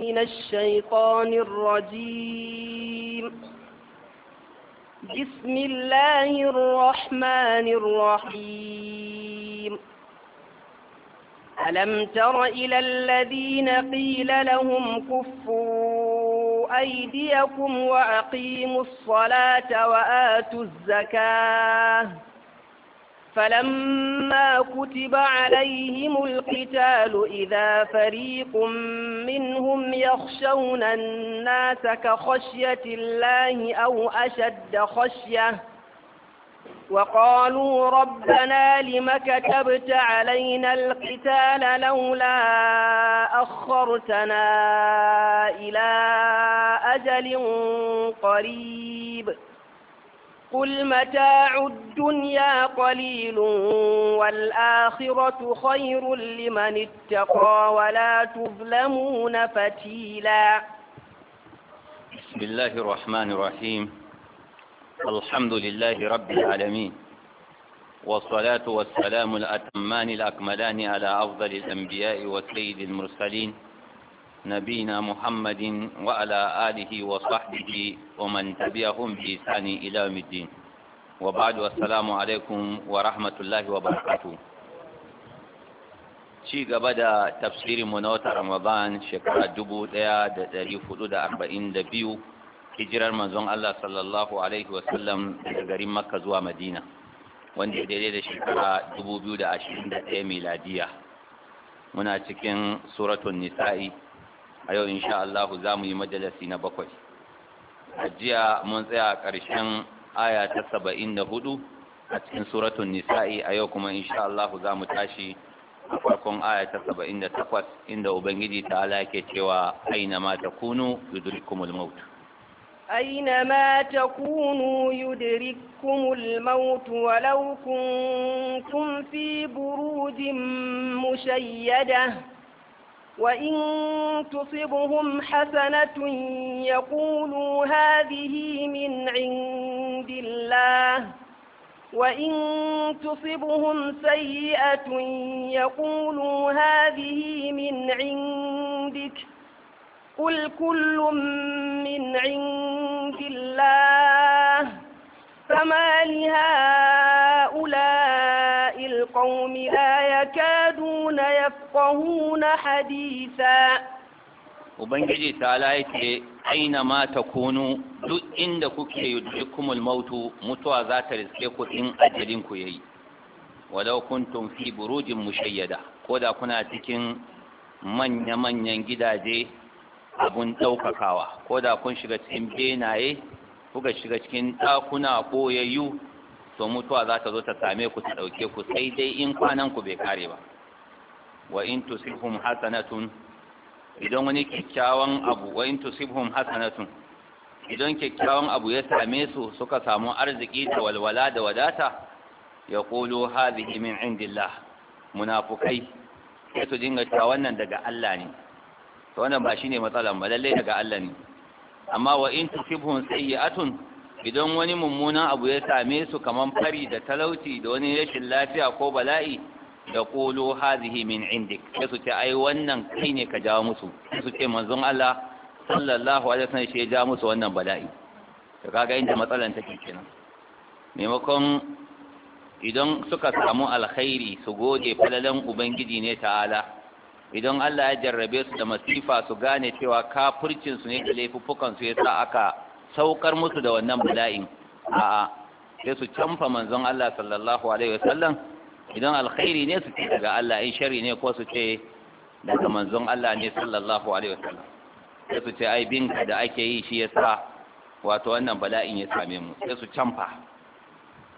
من الشيطان الرجيم بسم الله الرحمن الرحيم ألم تر إلى الذين قيل لهم كفوا أيديكم وأقيموا الصلاة وآتوا الزكاة فلما كتب عليهم القتال إذا فريق منهم يخشون الناس كخشية الله أو أشد خشية وقالوا ربنا لم كتبت علينا القتال لولا أخرتنا إلى أجل قريب قل متاع الدنيا قليل والآخرة خير لمن اتقى ولا تظلمون فتيلا بسم الله الرحمن الرحيم الحمد لله رب العالمين والصلاة والسلام الأتمان الأكملان على أفضل الأنبياء وسيد المرسلين نبينا محمد وعلى آله وصحبه ومن تبعهم بإحسان إلى يوم الدين وبعد والسلام عليكم ورحمة الله وبركاته ci gaba da tafsirin mu na wata ramadan shekara dubu ɗaya da ɗari hudu da arba'in da biyu hijirar manzon Allah sallallahu alaihi wasallam daga garin makka zuwa madina wanda ya daidai da shekara dubu biyu da ashirin da ɗaya miladiya muna cikin suratun nisa'i a yau insha Allah za mu yi majalasi na bakwai a jiya mun tsaya ƙarshen aya ta saba'in da hudu a cikin suratun nisa'i a yau kuma insha Allah za mu tashi a farkon aya ta saba'in da takwas inda ubangiji ta ala ke cewa aina ma ta kunu yudrikumul maut أينما تكونوا يدرككم الموت ولو كنتم في بروج مشيده وإن تصبهم حسنة يقولوا هذه من عند الله وإن تصبهم سيئة يقولوا هذه من عندك قل كل من عند الله فما لهذا tarahuna haditha ubangiji ta yake aina mata ta kunu duk inda kuke yudrikumul mautu mutuwa za ta riske ku in ajalin ku yayi walau kuntum fi shayyada, mushayyada ko da kuna cikin manya manyan gidaje abun daukakawa ko da kun shiga cikin benaye kuka shiga cikin ɗakuna koyayyu to mutuwa za ta zo ta same ku ta ɗauke ku sai dai in kwanan ku bai kare ba wa in tusibhum hasanatun idan wani kyakkyawan abu wa in tusibhum hasanatun idan kikkiawan abu ya same su suka samu arziki da walwala da wadata ya kulu hadhihi min indillah munafukai sai su dinga cewa wannan daga Allah ne to wannan ba shine matsalan ba lalle daga Allah ne amma wa in tusibhum sayyi'atun idan wani mummunan abu ya same su kaman fari da talauci da wani rashin lafiya ko bala'i da Kulu, Hazihi min indik sai su ce ai wannan kai ne ka jawo musu sai su ce manzon Allah sallallahu alaihi wasallam shi ya jawo musu wannan bala'i to kaga inda matsalan take kenan maimakon idan suka samu alkhairi su gode falalan ubangiji ne ta'ala idan Allah ya jarrabe su da masifa su gane cewa kafircin su ne da laifukan su yasa aka saukar musu da wannan bala'in a'a sai su canfa manzon Allah sallallahu alaihi wasallam idan alkhairi ne su ce daga Allah in shari ne ko su ce daga manzon Allah ne sallallahu alaihi wasallam sai su ce ai binka da ake yi shi yasa wato wannan bala'in ya same mu sai su canfa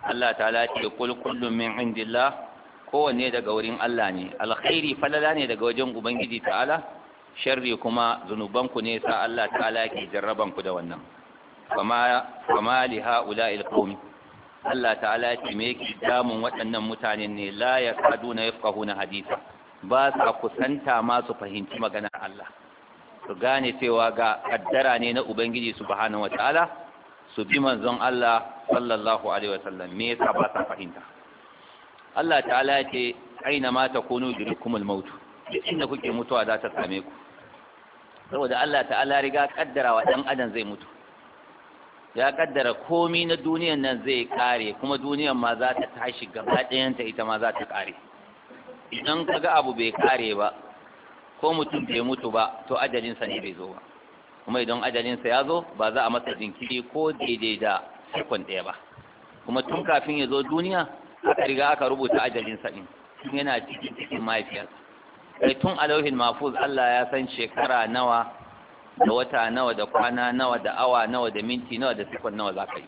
Allah ta'ala ce kul kullum min indillah kowanne daga wurin Allah ne alkhairi falala ne daga wajen ubangiji ta'ala sharri kuma zunubanku ne sa Allah ta'ala ke jarraban ku da wannan fama li ha'ula'il qawmi Allah ta'ala ya ce me yake damun waɗannan mutanen ne la ya kaduna na hadisa ba sa kusanta ma su fahimci maganar Allah su gane cewa ga kaddara ne na ubangiji subhanahu wataala su bi manzon Allah sallallahu alaihi sallam me yasa ba sa fahimta Allah ta'ala ya ce aina ma takunu yudrikumul maut inda kuke mutuwa za ta same ku saboda Allah ta'ala riga kaddara wa dan adam zai mutu ya kaddara komi na duniyan nan zai kare kuma duniyan ma za ta tashi gaba ɗayanta ita ma za ta kare idan ka ga abu bai kare ba ko mutum bai mutu ba to ajalinsa ne bai zo ba kuma idan ajalinsa ya zo ba za a masa jinkiri ko daidai da sekon ɗaya ba kuma tun kafin ya zo duniya aka riga aka rubuta ajalinsa ɗin tun yana cikin cikin mahaifiyarsa kai tun alauhin mafuz Allah ya san shekara nawa da wata nawa da kwana nawa da awa nawa da minti nawa da sekon nawa za ka yi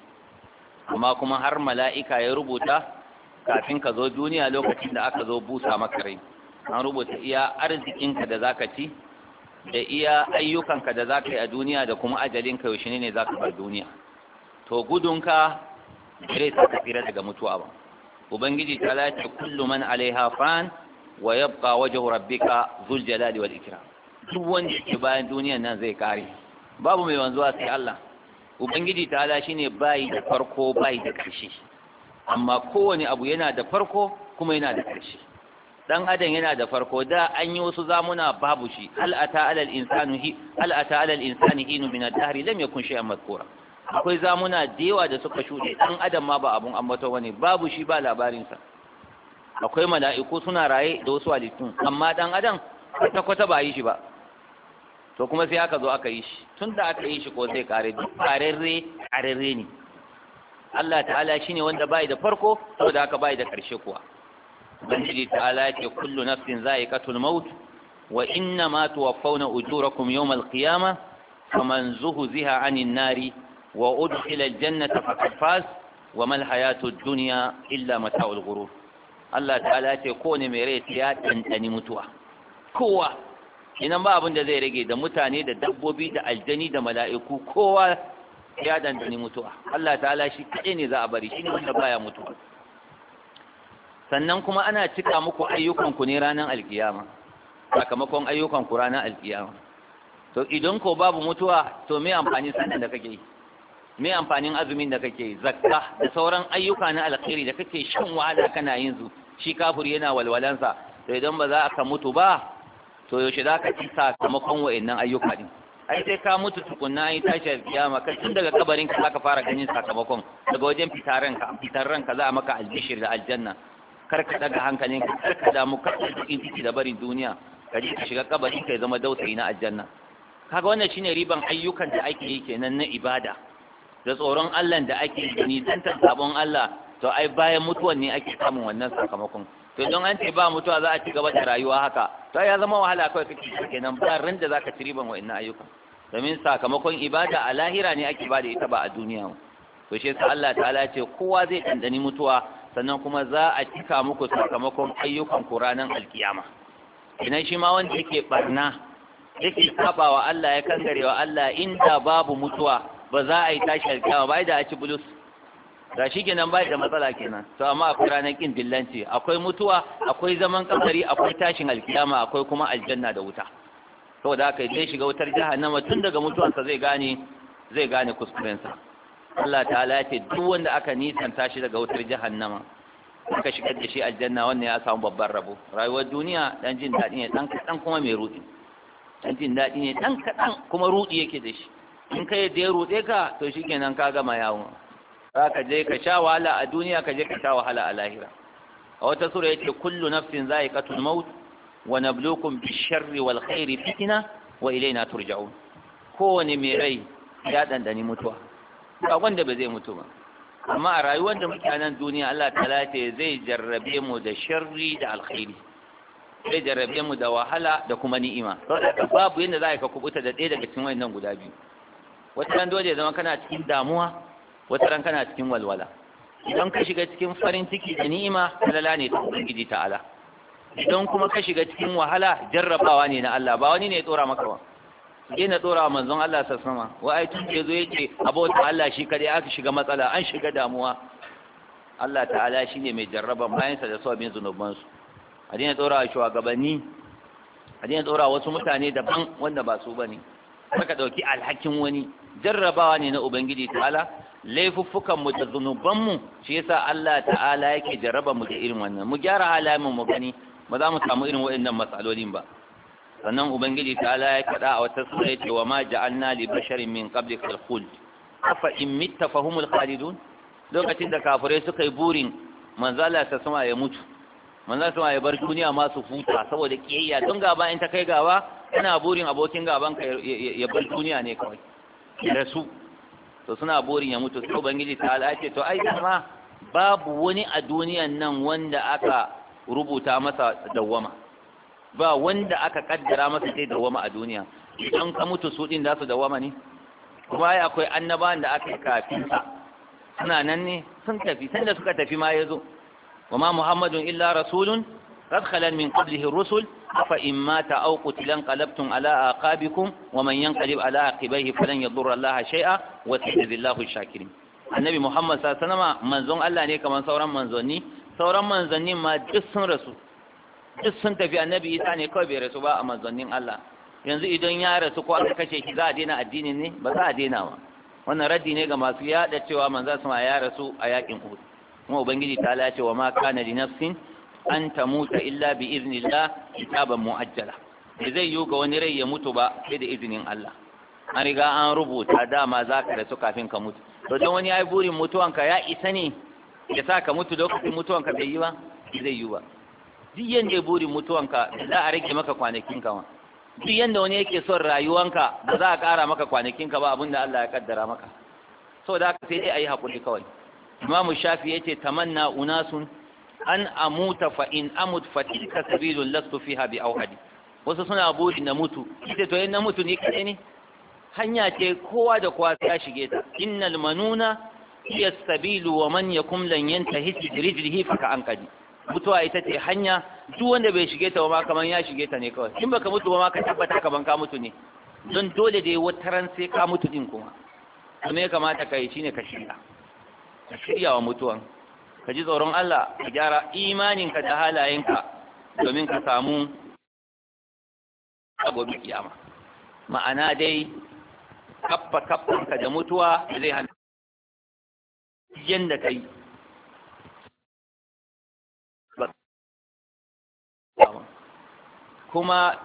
amma kuma har mala'ika ya rubuta kafin ka zo duniya lokacin da aka zo busa maka rai an rubuta iya arzikinka da za ka ci da iya ayyukanka da za ka yi a duniya da kuma ajalinka yaushe ne za ka bar duniya to gudunka zai sa ka tsira daga mutuwa ba ubangiji ta lati kullu man alaiha fan wa yabqa wajhu rabbika zul jalali wal ikram duk wanda yake bayan duniyan nan zai kare babu mai wanzuwa sai Allah ubangiji ta ala shine bai da farko bai da ƙarshe amma kowane abu yana da farko kuma yana da ƙarshe dan adam yana da farko da an yi wasu zamuna babu shi hal ata alal insanu hi hal ata al insani hin min al dahr lam yakun shay'an mazkura akwai zamuna da yawa da suka shuɗe dan adam ma ba abun ambato bane babu shi ba labarin sa akwai mala'iku suna raye da wasu halittun amma dan adam kwata kwata ba yi shi ba to kuma sai aka zo aka yi shi tun da aka yi shi ko sai kare duk karerre karerre ne Allah ta'ala shine wanda bai da farko saboda haka bai da karshe kuwa Ubangiji ta'ala yake kullu nafsin za'iqatul maut wa inna ma tuwaffawna ujurakum yawmal qiyamah faman zuhziha 'anil nari wa udkhila al-jannata faqad faz wa mal hayatud dunya illa mata'ul ghurur Allah ta'ala ce kowane mai rai ya tantani mutuwa kowa inan ba abin da zai rage da mutane da dabbobi da aljani da mala'iku kowa ya dandani mutuwa Allah ta'ala shi kaɗai ne za a bari shi ne wanda baya mutuwa sannan kuma ana cika muku ayyukanku ne ranar alkiyama sakamakon ayyukanku ranar alkiyama to idan ko babu mutuwa to me amfani sannan da kake yi me amfanin azumin da kake zakka da sauran ayyuka na alkhairi da kake shan wahala kana yin su shi kafir yana walwalansa to idan ba za ka mutu ba to yaushe za ka ci sakamakon wa'annan ayyuka din ai sai ka mutu tukunna ai tashi kiyama Ka tun daga kabarin ka zaka fara ganin sakamakon daga wajen fitaran ka ka za a maka albishir da aljanna kar ka daga hankalin ka kar ka damu ka cikin ciki da barin duniya ka ji ka shiga kabarin ka zama dausayi na aljanna kaga wannan shine riban ayyukan da ake yi kenan na ibada da tsoron Allah da ake yi ni nisantar sabon Allah to ai bayan mutuwan ne ake samun wannan sakamakon to don an ce ba mutuwa za a ci gaba da rayuwa haka to ya zama wahala kawai kake kenan ba ran da zaka ci riban wa'annan ayyuka domin sakamakon ibada a lahira ne ake bada ita ba a duniya to shi yasa Allah ta'ala ce kowa zai dandani mutuwa sannan kuma za a cika muku sakamakon ayyukan ku ranar alkiyama idan shi ma wanda yake barna yake saba wa Allah ya wa Allah inda babu mutuwa ba za a yi tashi alkiyama ba da a ci bulus da shi kenan da matsala kenan to amma akwai ranar kin dillanci akwai mutuwa akwai zaman kabari akwai tashin alkiyama akwai kuma aljanna da wuta saboda haka idan shiga wutar jahannama tun daga mutuwarsa zai gane zai gane kuskurensa Allah ta'ala ya ce duk wanda aka nisan tashi daga wutar jahannama aka shigar da shi aljanna wannan ya samu babban rabo rayuwar duniya dan jin daɗi ne dan kadan kuma mai rudi dan jin daɗi ne dan kadan kuma rudi yake da shi in kai da ya rude ka to shikenan ka gama yawo ka je ka sha wahala a duniya ka je ka sha wahala a lahira a wata sura yake kullu nafsin za'iqatul maut wa nabluukum bish wal khairi fitna wa ilayna turja'un kowane mai rai ya dandani mutuwa ba wanda ba zai mutu ba amma a rayuwar da mutanen duniya Allah ta'ala ce zai jarrabe mu da sharri da alkhairi zai jarrabe mu da wahala da kuma ni'ima babu yadda za ka kubuta da ɗaya daga cikin wannan guda biyu wata dole ya zama kana cikin damuwa wata ran kana cikin walwala idan ka shiga cikin farin ciki da ni'ima halala ne ta ubangiji ta'ala idan kuma ka shiga cikin wahala jarrabawa ne na Allah ba wani ne ya tsora maka ba ke na tsora wa manzon Allah sa sama wa ai tun ke zo yake abota Allah shi kare aka shiga matsala an shiga damuwa Allah ta'ala shine mai jarraban bayansa da sabbin zunubansu a daina tsora wa shugabanni a daina tsora wasu mutane daban wanda ba su bane saka ɗauki alhakin wani jarrabawa ne na ubangiji ta'ala laifuffukan mu da zunubanmu shi yasa Allah ta'ala yake jarraba mu da irin wannan mu gyara halayen mu gani ba za mu samu irin waɗannan matsalolin ba sannan ubangiji ta'ala ya kada a wata sura yace wa ma ja'alna li basharin min qablik al-khuld afa in mitta fahumul khalidun lokacin da kafirai suka yi burin manzala ta sama ya mutu manzon sama ya bar duniya ma su huta saboda kiyayya don gaba in ta kai gaba ina burin abokin gaban ka ya bar duniya ne kawai da su. to suna burin ya mutu to bangiji ta ala ce to ai kuma babu wani a duniyan nan wanda aka rubuta masa dawwama ba wanda aka kaddara masa sai dawwama a duniya idan ka mutu su din za su dawwama ne kuma ai akwai annabawan da aka kafin sa suna nan ne sun tafi sanda suka tafi ma ya zo وما محمد إلا رسول قد خلت من قبله الرسل أفإن مات أو قتل انقلبتم على أعقابكم ومن ينقلب على عقبيه فلن يضر الله شيئا وسيجزي الله الشاكرين annabi muhammad sa manzon Allah ne kamar sauran manzonni sauran manzannin ma duk sun tafi annabi isa ne kawai bai rasu ba a manzannin Allah yanzu idan ya rasu ko kashe shi za daina addini ne ba za daina ba wannan raddi ne ga masu yada cewa manzo ya rasu a yakin kuma ubangiji ta lace wa ma kana li nafsin an mutu, illa bi iznillah kitaban muajjala bai zai yiwu ga wani rai ya mutu ba sai da izinin Allah an riga an rubuta dama za ka rasu kafin ka mutu to don wani ya burin mutuwan ka ya isa ne ya sa ka mutu lokacin mutuwan ka bai yi ba zai yi ba duk yanda ya burin ka, za a rage maka kwanakin kama duk yanda wani yake son rayuwanka ba za a ƙara maka kwanakin ka ba abin da Allah ya kaddara maka so da haka sai dai a yi haƙuri kawai imamu shafi yace tamanna unasun an amuta fa in amut fa tilka sabilul lastu fiha bi awhadi wasu suna burin na mutu ita to in na mutu ni kadai ne hanya ce kowa da kowa ya shige ta innal manuna hiya sabilu wa man yakum lan yantahi rijlihi fa ka anqadi mutuwa ita ce hanya duk wanda bai shige ta ba kaman ya shige ta ne kawai in baka mutu ba ma ka tabbata ban ka mutu ne don dole dai wataran sai ka mutu din kuma kuma ya kamata kai shine ka shiga ka shirya wa mutuwan ka ji tsoron Allah ka gyara imaninka da halayenka domin ka samu gobe kiyama ma'ana dai kappa kappanka da mutuwa zai hana yanda kai kuma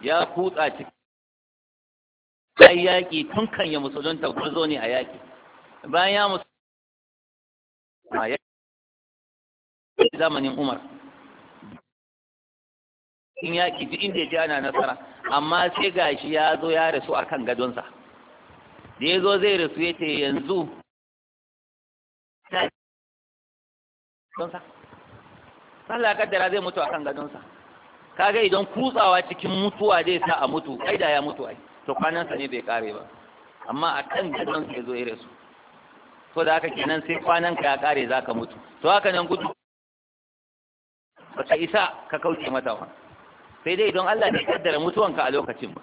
ya kutsa cikin sai yaƙi tun kan ya ta gwarzo ne a yaƙi bayan ya musulunta a yaƙi zamanin umar in yaƙi duk inda ya ji ana nasara amma sai gashi ya zo ya rasu a kan gadonsa da ya zo zai rasu ya ce yanzu gadonsa Allah kaddara zai mutu a kan gadonsa kaga idan kutsawa cikin mutuwa zai sa a mutu ai da ya mutu ai to kwanansa ne bai kare ba amma a kan gadon sai zo irin su to da haka kenan sai kwanan ka ya kare za ka mutu to haka nan gudu ba ka isa ka kauce mata wa sai dai don Allah ne kaddara ka a lokacin ba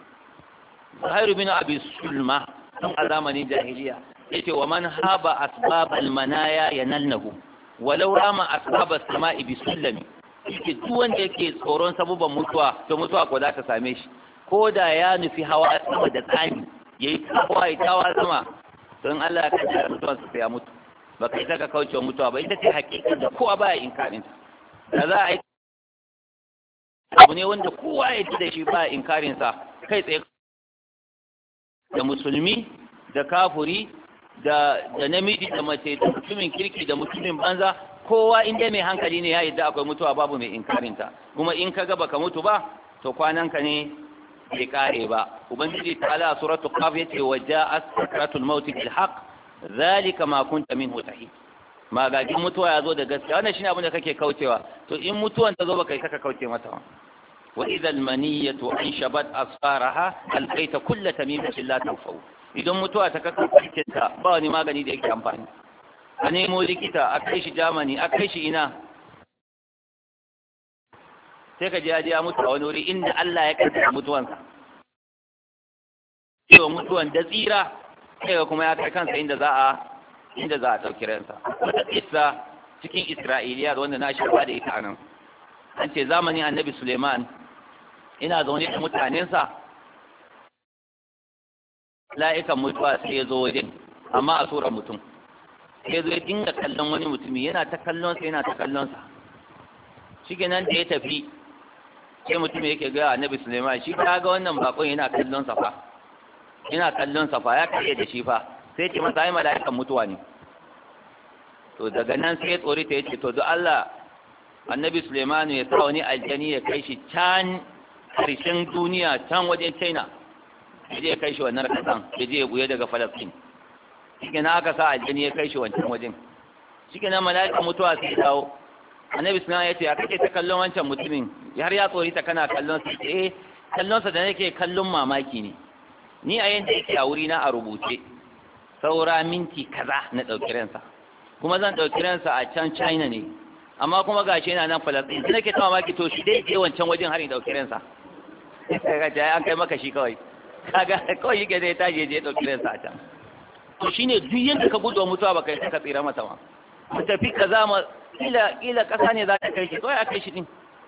Zuhairu bin Abi Sulma tun a zamanin jahiliya yace wa man haba asbabal manaya yanallahu walau rama asbabas sama'i bisullami yake duk wanda yake tsoron sabuban mutuwa to mutuwa ko za ta same shi ko da ya nufi hawa sama da tsami ya yi tawa ya tawa sama don Allah ya kaji da mutuwan su ya mutu ba ka isa ka kauce mutuwa ba ita ce hakikin da kowa ba ya inkarin da za a yi abu ne wanda kowa ya ji da shi ba inkarin sa kai tsaye da musulmi da kafuri da da namiji da mace da mutumin kirki da mutumin banza kowa inda mai hankali ne ya yi da akwai mutuwa babu mai inkarin ta kuma in ka ga baka mutu ba to kwananka ne bai kare ba ubangiji ta'ala suratul qaf yace wa ja'at sakratul maut bil haqq zalika ma kunta minhu tahid magagin mutuwa ya zo da gaskiya wannan shine abin da kake kaucewa to in mutuwan ta zo baka kai kaka kauce mata ba wa idhal maniyatu anshabat asfaraha alqaita kull tamimatin la tanfau idan mutuwa ta kaka cikin ta ba wani magani da yake amfani a nemo likita a kai shi jamani a kai shi ina sai ka je ya je ya mutu a wani wuri inda Allah ya da mutuwansa cewa mutuwan da tsira sai kuma ya kai kansa inda za a inda za a ɗauki ransa wata isa cikin Isra'iliya wanda na shirwa da ita anan an ce zamanin annabi Suleiman ina zaune da mutanensa la'ikan mutuwa sai ya zo wajen amma a tsoron mutum sai zo ya dinga kallon wani mutumi yana ta kallonsa yana ta kallonsa shi nan da ya tafi sai mutum yake ga annabi Suleiman shi ta ga wannan bakon yana kallon safa yana kallon safa ya kare da shi fa sai ce masa ai mala'ikan mutuwa ne to daga nan sai ya tsori ta yace to duk Allah annabi Suleiman ya sa wani aljani ya kai shi can karshen duniya can wajen China ya je ya kai shi wannan kasan ya je ya buye daga Palestine shi aka sa aljani ya kai shi wancan wajen shi nan mala'ikan mutuwa sai dawo annabi suna ya ce ya kake ta kallon wancan mutumin har ya tsori ta kana kallon sa eh kallon sa da nake kallon mamaki ne ni a yanda yake a wuri na a rubuce saura minti kaza na dauki ransa kuma zan dauki ransa a can China ne amma kuma gashi yana nan falastin sai nake ta mamaki to shi dai je wancan wajen har ya dauki ransa kaga ja an kai maka shi kawai kaga kawai yake zai tashi je dauki ransa a can to shine duk yanda ka gudu mutuwa baka kai ka tsira masa ba mu tafi kaza ma kila kila kasa ne za ta kai shi kawai a kai shi din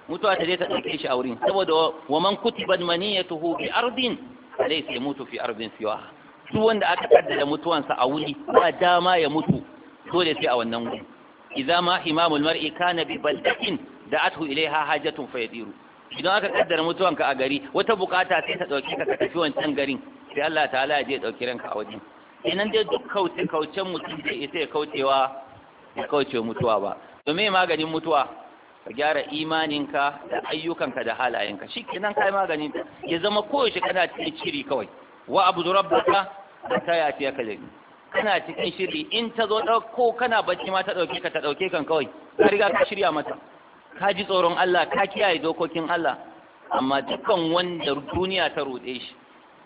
mutuwa ta je ta ɗauke shi a wurin saboda wa man kutibat maniyatuhu bi ardin alaysa mutu fi ardin siwa Su wanda aka kaddara mutuwansa a wuri ba dama ya mutu dole sai a wannan wuri idza ma imamul mar'i kana bi baldatin da'athu ilayha hajatun fayadiru idan aka kaddara mutuwanka a gari wata bukata sai ta dauke ka ka tafi wancan garin sai Allah ta'ala ya je ya dauki ranka a wajen kenan dai duk kauce kaucen mutum da isa ya kaucewa ya ce mutuwa ba domin maganin mutuwa ka gyara imaninka da ayyukanka da halayenka shi kenan kai maganin ya zama koyaushe kana cikin shiri kawai wa abu baka da ta yafi ya kalli. kana cikin shiri in ta zo ɗauko kana bacci ma ta ɗauke ka ta ɗauke kan kawai ka riga ka shirya mata ka ji tsoron Allah ka kiyaye dokokin Allah amma dukkan wanda duniya ta ruɗe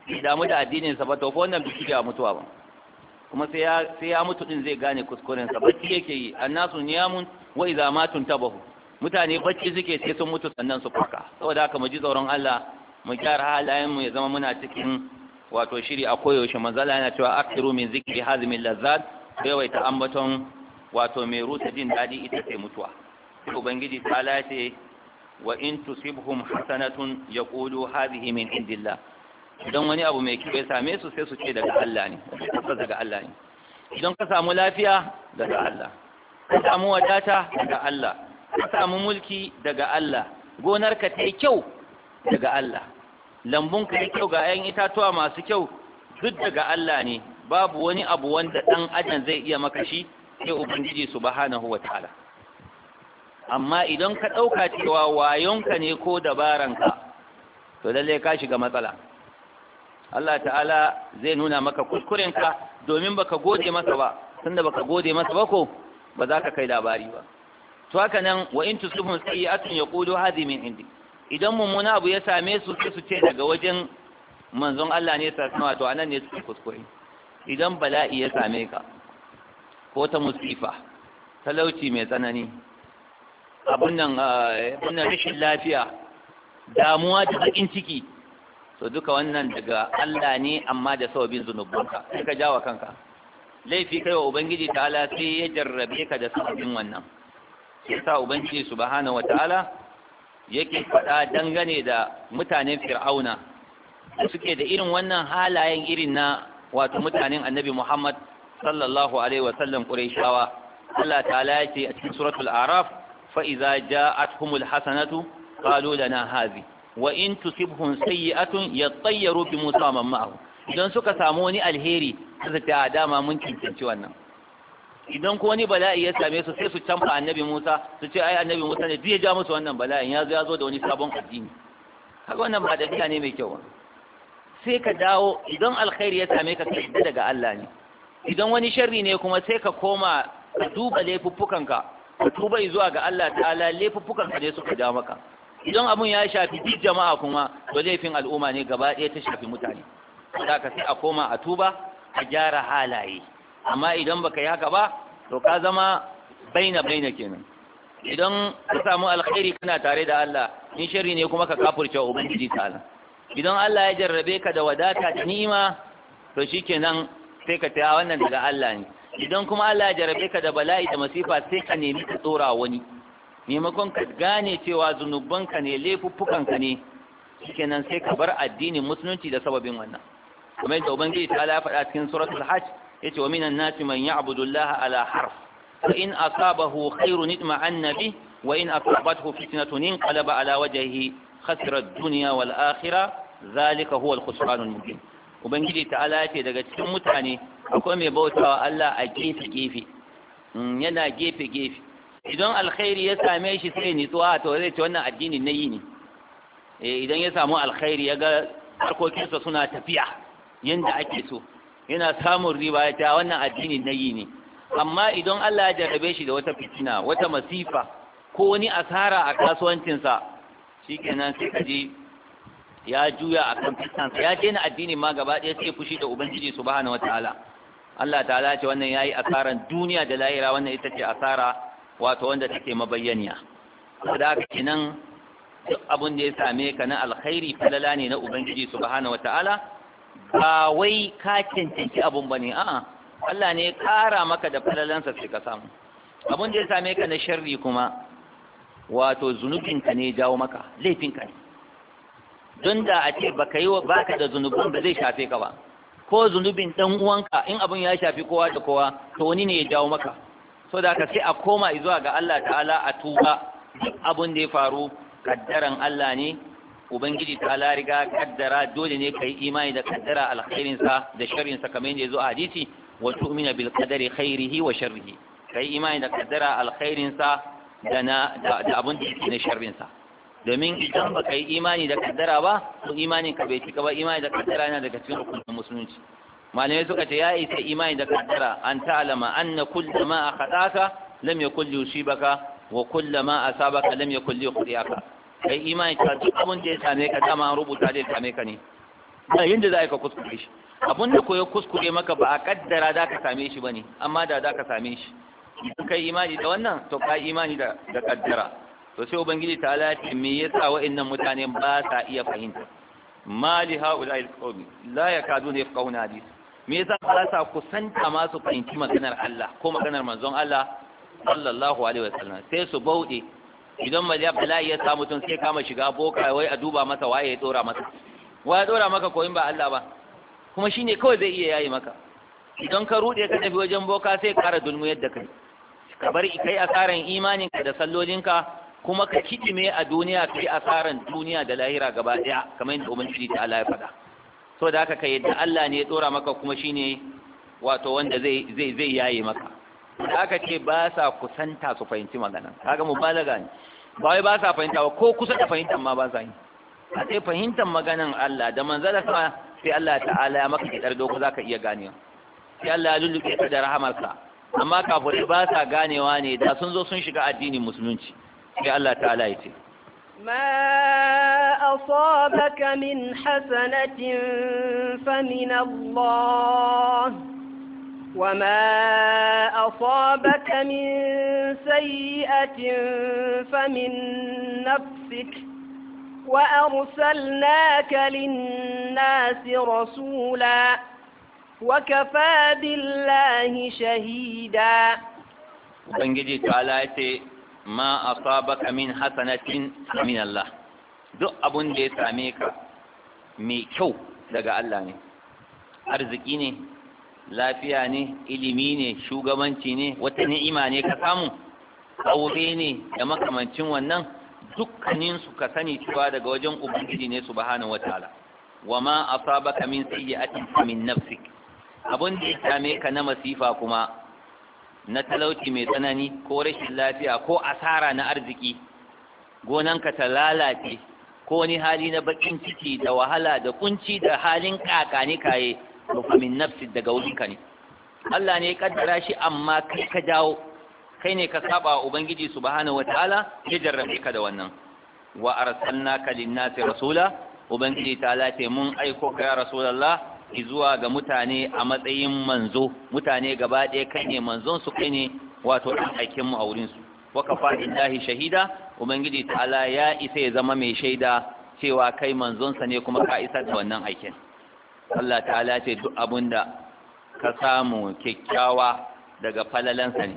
shi damu da addinin sa ba to ko wannan bai shirya mutuwa ba kuma sai ya mutu din zai gane kuskurensa bacci yake yi annasu niyamun wa idza matun tabahu mutane bacci suke sai sun mutu sannan su farka saboda haka mu ji tsoron Allah mu gyara halayen mu ya zama muna cikin wato shiri a koyaushe manzala yana cewa akthiru min zikri hazmi lazzat yawaita ambaton wato mai rusa jin dadi ita sai mutuwa sai ubangiji ta lace wa in tusibhum hasanatun yaqulu hadhihi min indillah idan wani abu mai kyau ya same su sai su ce daga Allah ne tabbas daga Allah ne idan ka samu lafiya daga Allah ka samu wadata daga Allah ka samu mulki daga Allah gonarka ta yi kyau daga Allah lambun ya kyau ga 'ya'yan itatuwa masu kyau duk daga Allah ne babu wani abu wanda ɗan adam zai iya maka shi sai ubangiji subhanahu wataala amma idan ka ɗauka cewa wayonka ne ko dabaranka to lallai ka shiga matsala Allah ta'ala zai nuna maka kuskurenka domin baka gode masa ba tunda baka gode masa ba ko ba za ka kai labari ba to haka nan wa in tusibhum sayi'atun yaqulu hadhi min indi idan mummuna abu ya same su sai su ce daga wajen manzon Allah ne ta sanwa to anan ne su kuskure idan bala'i ya same ka ko ta musifa talauci mai tsanani abun nan eh, abun nan rashin lafiya damuwa da bakin ciki to duka wannan daga Allah ne amma da sababin zunubanka sai ka jawa kanka laifi kai wa ubangiji ta'ala sai ya jarrabe ka da sababin wannan yasa ubangiji subhanahu wataala yake faɗa dangane da mutanen fir'auna da suke da irin wannan halayen irin na wato mutanen annabi muhammad sallallahu alaihi wasallam qurayshawa Allah ta'ala ya ce a cikin suratul araf fa iza humul hasanatu qalu lana hadhihi wa in tusibhum sayyi'atun yattayyaru bi Musa wa man ma'ahu idan suka samu wani alheri su ta dama mun cancanci wannan idan ko wani bala'i ya same su sai su canfa annabi Musa su ce ai annabi Musa ne zai ja musu wannan bala'in ya zo ya zo da wani sabon addini haka wannan ba dabi'a ne mai kyau sai ka dawo idan alkhairi ya same ka kai daga Allah ne idan wani sharri ne kuma sai ka koma ka duba laifuffukanka ka tuba zuwa ga Allah ta'ala laifuffukanka ne suka ja maka idan abun ya shafi duk jama'a kuma to laifin al'umma ne gaba ɗaya ta shafi mutane za ka sai a koma a tuba a gyara halaye amma idan baka yi haka ba to ka zama baina baina kenan idan ka samu alkhairi kana tare da Allah ni sharri ne kuma ka kafurce ubangiji ta'ala idan Allah ya jarrabe ka da wadata da ni'ima to shikenan sai ka taya wannan daga Allah ne idan kuma Allah ya jarrabe ka da bala'i da masifa sai ka nemi ka tsora wani maimakon ka gane cewa zunubanka ne laifuffukanka ne kenan sai ka bar addinin musulunci da sababin wannan kuma yadda ubangiji ta ala faɗa cikin suratul hajj yace wa minan nasi man ya'budu allaha ala harf fa in asabahu khairun itma'anna bih wa in asabathu fitnatun inqalaba ala wajhihi khasira ad-dunya wal akhirah zalika huwa al-khusran mubin ubangiji ta'ala ce daga cikin mutane akwai mai bautawa Allah a gefe gefe mm, yana gefe gefe idan alkhairi ya same shi sai nitsuwa ah, to zai ce wannan addini na yi ne eh, idan ya samu alkhairi ya ga harkokinsa suna tafiya yadda ake so yana samun riba ta ah, wannan addini na yi ne amma idan Allah ya jarrabe shi da wata fitina wata masifa ko wani asara a kasuwancinsa shi shikenan sai kaji ya juya a kan fitansa ya daina addinin ma gaba ɗaya sai fushi da ubangiji subhanahu wataala Allah ta'ala ce wannan yayi asaran duniya da lahira wannan ita ce asara wato wanda take mabayyaniya saboda haka kenan duk abin da ya same ka na alkhairi falala ne na ubangiji subhanahu wataala ba wai ka cancanci abun ne. a'a Allah ne ya kara maka da falalansa sai ka samu abin da ya same ka na sharri kuma wato zunubinka ne jawo maka laifinka ne don da a ce baka yi baka da zunubin ba zai shafe ka ba ko zunubin dan uwanka in abin ya shafi kowa da kowa to wani ne ya jawo maka so da ka sai a koma zuwa ga Allah ta'ala a tuba abun da ya faru kaddaran Allah ne ubangiji ta'ala riga kaddara dole ne kai imani da kaddara alkhairin sa da sharrin sa kamar yadda ya zo a hadisi wa tu'mina bil qadari khairihi wa sharrihi kai imani da kaddara alkhairin sa da na da abun da yake na sharrin sa domin idan ba kai imani da kaddara ba to imanin ka bai cika ba imani da kaddara yana daga cikin rukunin musulunci malamai suka ce ya isa imani da kaddara an ta'lama anna kullu ma akhataka lam yakul yusibaka wa kullu ma asabaka lam yakul yukhriaka kai imani ta duk abun da ya same ka dama an rubuta da ya same ka ne ba yanda za ka kuskure shi abun da koyo kuskure maka ba a kaddara za ka same shi bane amma da za ka same shi idan kai imani da wannan to kai imani da da kaddara to sai ubangiji ta lati me yasa wa'annan mutane ba sa iya fahimta mali haula alqawmi la yakaduna yafqahuna hadith me yasa ba sa kusanta ma su fahimci maganar Allah ko maganar manzon Allah sallallahu alaihi wasallam sai su bauɗe idan maliya bala'i ya samu tun sai kama shiga boka wai a duba masa waye ya dora masa wa ya dora maka ko in ba Allah ba kuma shine kawai zai iya yayi maka idan ka rude ka tafi wajen boka sai ƙara dulmu yadda kai ka bar kai asaran imaninka da sallolinka kuma ka kidime a duniya kai asaran duniya da lahira gaba daya kamar yadda ubangiji ta Allah ya faɗa so da haka ka yadda Allah ne ya dora maka kuma shi ne wato wanda zai yaye maka haka ce ba sa kusanta su fahimci magana kaga mubalaga ne ba wai ba sa fahimta ba ko kusa da fahimtar ma ba sa yi a sai fahimtar maganan Allah da manzala sa sai Allah ta'ala ya maka kidar doko zaka iya ganewa sai Allah ya lulluke ka da rahamarsa amma kafirai ba sa ganewa ne da sun zo sun shiga addinin musulunci sai Allah ta'ala ya ce ما أصابك من حسنة فمن الله وما أصابك من سيئة فمن نفسك وأرسلناك للناس رسولا وكفى بالله شهيدا وبنجي تعالى ma asabaka min hasanatin min Allah duk abun da ya same ka mai kyau daga Allah ne arziki ne lafiya ne ilimi ne shugabanci ne wata ni'ima ne ka samu aure ne da makamancin wannan dukkanin su ka sani cewa daga wajen ubangiji ne subhanahu wataala wa ma asabaka min sayyi'atin min nafsik abun da ya same ka na masifa kuma na talauci mai tsanani ko rashin lafiya ko asara na arziki gonanka ta lalace ko wani hali na bakin ciki da wahala da kunci da halin ne kaye to fa min nafsi daga wurinka ne Allah ne ya kaddara shi amma kai ka dawo kai ne ka saba ubangiji subhanahu wataala ya jarrabe ka da wannan wa arsalnaka lin-nasi rasula ubangiji ta lafe mun aiko ka ya rasulullah zuwa ga mutane a matsayin manzo mutane gaba ɗaya kai ne manzon su kai ne wato ɗan aikin mu a wurin su wa kafa lillahi shahida ubangiji ta'ala ya isa ya zama mai shaida cewa kai manzon sa ne kuma ka isa da wannan aikin Allah ta'ala ce duk abinda ka samu kyakkyawa daga falalansa ne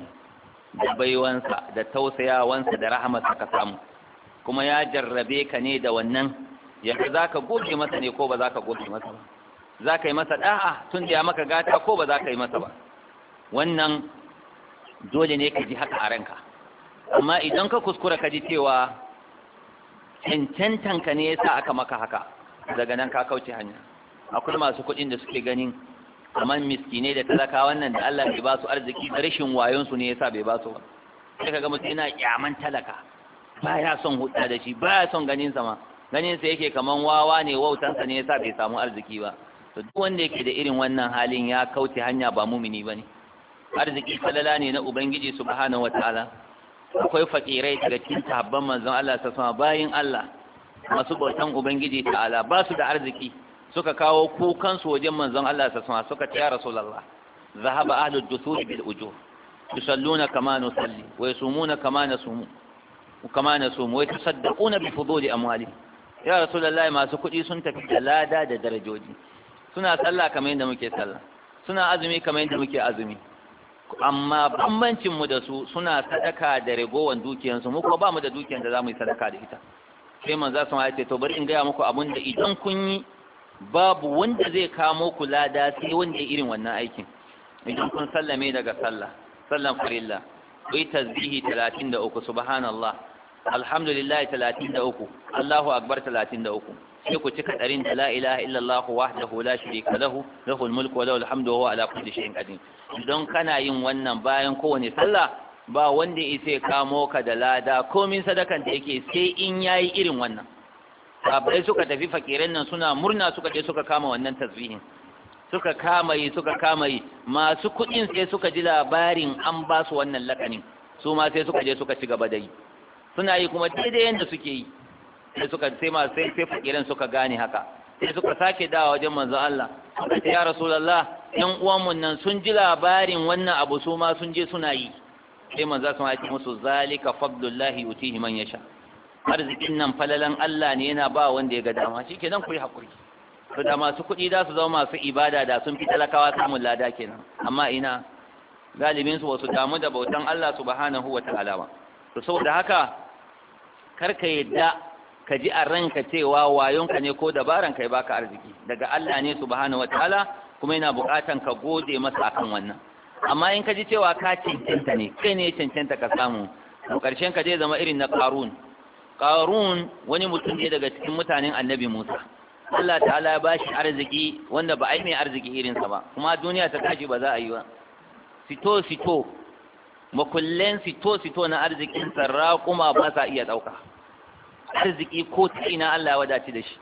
da baiwansa da tausayawansa da rahamarsa ka samu kuma ya jarrabe ka ne da wannan yanzu za goge masa ne ko ba za goge masa ba za ka yi masa ɗa'a tun da ya maka gata ko ba za ka yi masa ba wannan dole ne ka ji haka a ranka amma idan ka kuskura ka ji cewa cancantanka ne ya sa aka maka haka daga nan ka kauce hanya akwai masu kuɗin da suke ganin kamar ne da talaka wannan da Allah bai ba su arziki rashin wayonsu ne ya sa bai ba su ba sai ka ga mutum kyaman talaka son hudda da shi baya son ganin sama ganin sa yake kamar wawa ne wautansa ne ya sa bai samu arziki ba to duk wanda yake da irin wannan halin ya kauce hanya ba mumini bane arziki falala ne na ubangiji subhanahu wataala akwai fakirai daga cikin sahabban manzon Allah ta sama bayin Allah masu bautan ubangiji ta'ala ba su da arziki suka kawo kukan su wajen manzon Allah ta sama suka ce ya rasulullah zahaba ahlu dusur bil ujur yusalluna kama nusalli wa yasumuna kama nasumu kama nasumu wa yatasaddaquna bi fudul amwali ya rasulullah masu kuɗi sun tafi da lada da darajoji suna sallah kamar yadda muke sallah suna azumi kamar yadda muke azumi amma bambancin mu da su suna sadaka da ragowan dukiyarsu, mu kuma ba mu da dukiyan da za mu yi sadaka da ita sai manzo sun ya to bari in gaya muku abin da idan kun yi babu wanda zai kamo ku lada sai wanda ya irin wannan aikin idan kun sallame daga sallah sallan farilla ku yi tasbihi 33 subhanallah alhamdulillah 33 Allahu akbar 33 sai ku cika ɗarin da la ilaha illallah wahdahu la sharika lahu lahul mulku wa lahul wa huwa ala kulli shay'in qadir don kana yin wannan bayan kowane sallah ba wanda ya kamo ka da lada komin sadakan da yake sai in yayi irin wannan sabai suka tafi fakiran nan suna murna suka je suka kama wannan tasbihin suka kama yi suka kama yi masu kuɗin sai suka ji labarin an ba su wannan lakanin su ma sai suka je suka ci gaba da yi suna yi kuma daidai yadda suke yi sai suka sai ma sai sai fakiran suka gane haka sai suka sake dawa wajen manzon Allah suka ce ya rasulullah yan uwanmu nan sun ji labarin wannan abu su ma sun je suna yi sai manzo sun haifi musu zalika fadlullahi yutihi man yasha arzikin nan falalan Allah ne yana ba wanda ya ga dama shikenan ku yi hakuri to da masu kuɗi za su zama masu ibada da sun fi talakawa samun lada kenan amma ina galibin su wasu damu da bautan Allah subhanahu wa ta'ala ba to saboda haka karka yadda ka ji a ranka cewa wayonka ne ko dabaran kai baka arziki daga Allah ne subhanahu wataala kuma yana bukatan ka gode masa akan wannan amma in ka ji cewa ka cancanta ne kai ne cancanta ka samu to karshen ka zai zama irin na Qarun Qarun wani mutum ne daga cikin mutanen Annabi Musa Allah ta'ala ya bashi arziki wanda ba ai mai arziki irinsa ba kuma duniya ta kaji ba za a yi ba fito fito makullen fito fito na arzikin sarra kuma ba sa iya dauka arziki ko ta ina Allah ya wadace da shi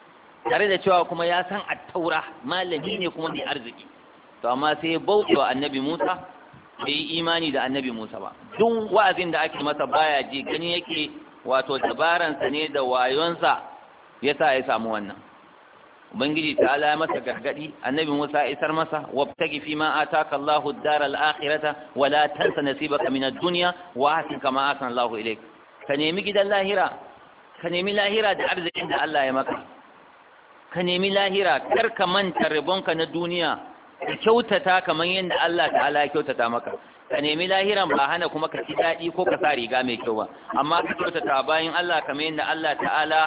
tare da cewa kuma ya san attaura malami ne kuma mai arziki to amma sai ya bauta wa annabi Musa bai yi imani da annabi Musa ba duk wa'azin da ake masa baya ji gani yake wato dabaransa ne da wayonsa yasa ya samu wannan ubangiji ta ala masa gargadi annabi Musa ya isar masa wabtagi fi ma ataka Allahu ad-dara al-akhirata wa la tansa nasibaka min ad-dunya wa ahsin kama ahsana Allahu ilayk ka nemi gidan lahira ka nemi lahira da arzikin da Allah ya maka ka nemi lahira kar ka manta ribonka na duniya ka kyautata kaman yadda Allah ta'ala ya kyautata maka ka nemi lahiran ba hana kuma ka ci daɗi ko ka sa riga mai kyau ba amma ka kyautata bayan Allah kaman yadda Allah ta'ala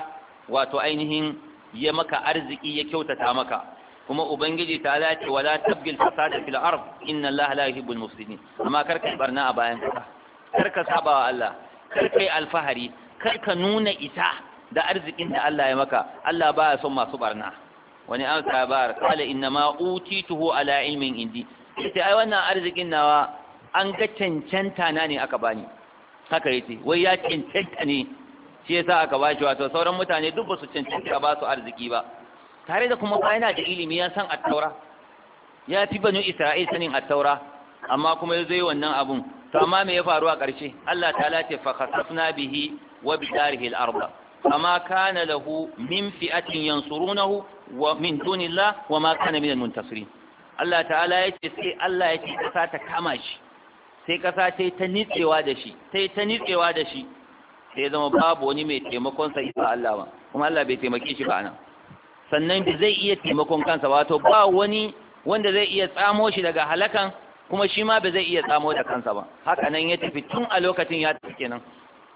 wato ainihin ya maka arziki ya kyautata maka kuma ubangiji ta lati wala tabgil fasada fil ard inna allaha la yuhibbul mufsidin amma karka barna a bayan ka, kar ka saba wa Allah kar kai alfahari kar ka nuna ita da arzikin da Allah ya maka Allah baya son masu barna wani an kabar kala inna ma utituhu ala ilmin indi sai ai wannan arzikin nawa an ga cancanta na ne aka bani haka yace wai ya cancanta ne shi yasa aka bashi wato sauran mutane duk basu cancanta ba su arziki ba tare da kuma yana da ilimi ya san at-taura ya fi banu isra'il sanin at-taura amma kuma yazo yi wannan abun to amma me ya faru a ƙarshe Allah ta'ala ce fa khasafna bihi wa bi darihi al-ardh amma kana lahu min fi'atin yansurunahu wa min dunillah wa ma kana min al-muntasirin Allah ta'ala ya ce sai Allah ya ce kasa ta kama shi sai kasa ta yi ta nitsewa da shi ta yi ta nitsewa da shi sai zama babu wani mai taimakon sa isa Allah ba kuma Allah bai taimake shi ba nan sannan zai iya taimakon kansa wato ba wani wanda zai iya tsamo shi daga halakan kuma shi ma ba zai iya tsamo da kansa ba haka nan ya tafi tun a lokacin ya tafi kenan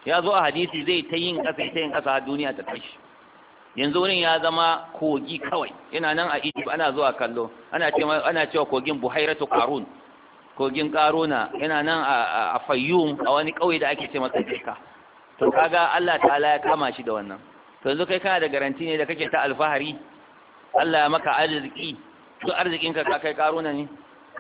ya zo a hadisi zai ta yin kasa ta yin ƙasa duniya ta tashi yanzu wurin ya zama kogi kawai yana nan a Egypt ana zuwa kallo ana cewa ana cewa kogin Buhairatu Qarun kogin Qaruna yana nan a a Fayyum a wani kauye da ake ce masa Jika to kaga Allah ta'ala ya kama shi da wannan to yanzu kai kana da garanti ne da kake ta alfahari Allah ya maka arziki to arzikinka ka kai Karuna ne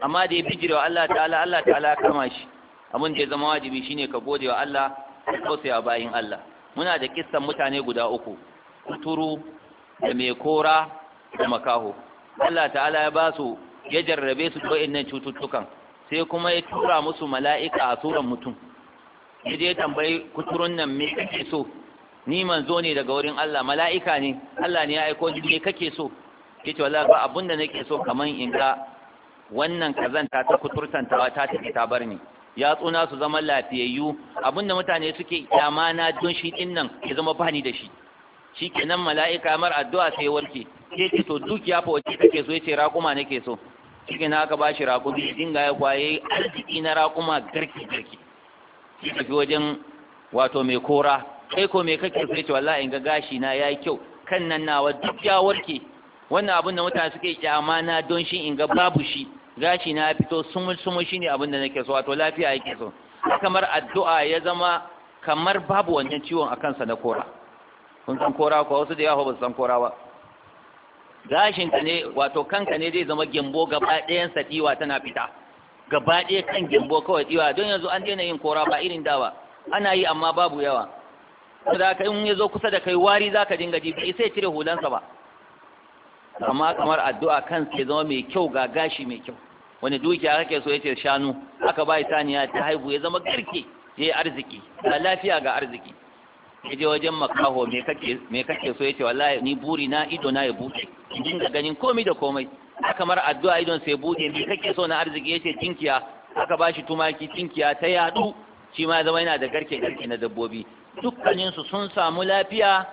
amma da ya bijire wa Allah ta'ala Allah ta'ala ya kama shi abin da ya zama wajibi shine ka gode wa Allah ka tausaya bayin Allah muna da kissan mutane guda uku kuturu da mai kora da makaho Allah ta'ala ya ba su ya jarrabe su da wayannan cututtukan sai kuma ya tura musu mala'ika a suran mutum ya je tambayi kuturun nan me kake so ni manzo ne daga wurin Allah mala'ika ne Allah ne ya aiko ni me kake so yace wallahi ba abin da nake so kaman in ga wannan kazanta ta kuturtantawa ta tafi ta bar ni ya tsuna su zama lafiyayyu abinda mutane suke kyama na don shi din nan ya zama bani da shi nan mala'ika mar addu'a sai warke ke ce to ya fa wace kake so yace raƙuma nake so Cikin na aka bashi raƙumi dinga ya kwaye arziki na raƙuma garki garki shi tafi wajen wato mai kora kai ko me kake so yace wallahi in ga gashi na yayi kyau kan nan nawa duk ya warke wannan abin da mutane suke kyama na don shi in ga babu shi gashi na fito sumul sumul shine abin da nake so wato lafiya yake so kamar addu'a ya zama kamar babu wannan ciwon a kansa na kora kun san kora ko wasu da yawa ba su san kora ba gashin ka ne wato kanka ne zai zama gembo gaba ɗayan sa diwa tana fita gaba ɗaya kan gembo kawai diwa. don yanzu an daina yin kora ba irin dawa ana yi amma babu yawa saboda ka in ya zo kusa da kai wari zaka dinga ji bai sai cire hulansa ba amma kamar addu'a kansa ya zama mai kyau ga gashi mai kyau wani dukiya kake so yace shanu aka bai saniya ta haihu ya zama garke ya yi arziki da lafiya ga arziki ya je wajen makaho me kake so yace wallahi ni buri na ido na ya buɗe in dinga ganin komai da komai kamar addu'a idon sai buɗe me kake so na arziki yace tinkiya aka bashi tumaki tinkiya ta yadu shi ma zama yana da garke garke na dabbobi dukkaninsu sun samu lafiya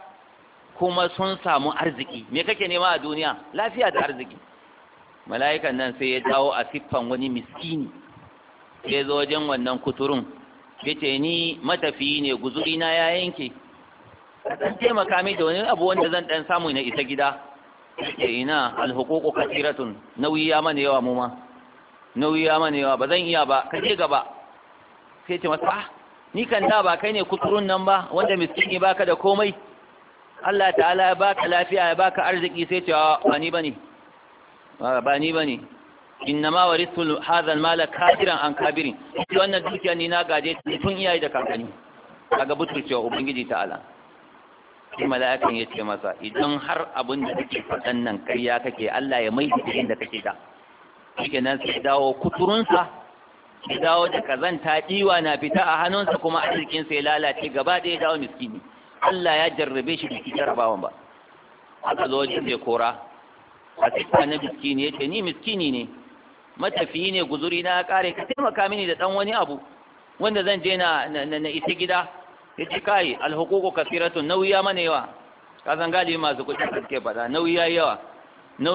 kuma sun samu arziki me kake nema a duniya lafiya da arziki mala'ikan nan sai ya dawo a siffan wani miskini sai zo wajen wannan kuturun ya ce ni matafiyi ne guzuri na ya yanke ɗan taimaka mai da wani abu wanda zan ɗan samu na isa gida ya ina alhuququ kasiratun nauyi ya mana yawa mu ma nauyi ya mana yawa ba zan iya ba ka je gaba sai ce masa ah, ni kan da ba kai ne kuturun nan ba wanda miskini baka da komai Allah ta'ala ya baka lafiya ya baka arziki sai ce a ni bane ba ni ba ne. bane innama warisul hazan mala kafiran an kabirin shi wannan dukiya ni na gaje tun iyaye da kakanni kaga butulcewa ubangiji ta'ala shi mala'ikan ya ce masa idan har abin da kake faɗan nan ƙarya kake Allah ya mai da da kake da shike nan sai dawo kuturunsa shi dawo da kazanta ɗiwa na fita a hannunsa kuma arzikin ya lalace gaba ɗaya dawo miskini Allah ya jarrabe shi da kitar bawan ba aka zo wajen mai kora a cikin na miskini ya ce ni miskini ne matafiyi ne guzuri na kare ka taimaka mini da dan wani abu wanda zan je na na isa gida ya ce kai alhukuku kathiratun nauya mana yawa ka san galibi masu kuɗi suke faɗa ya yawa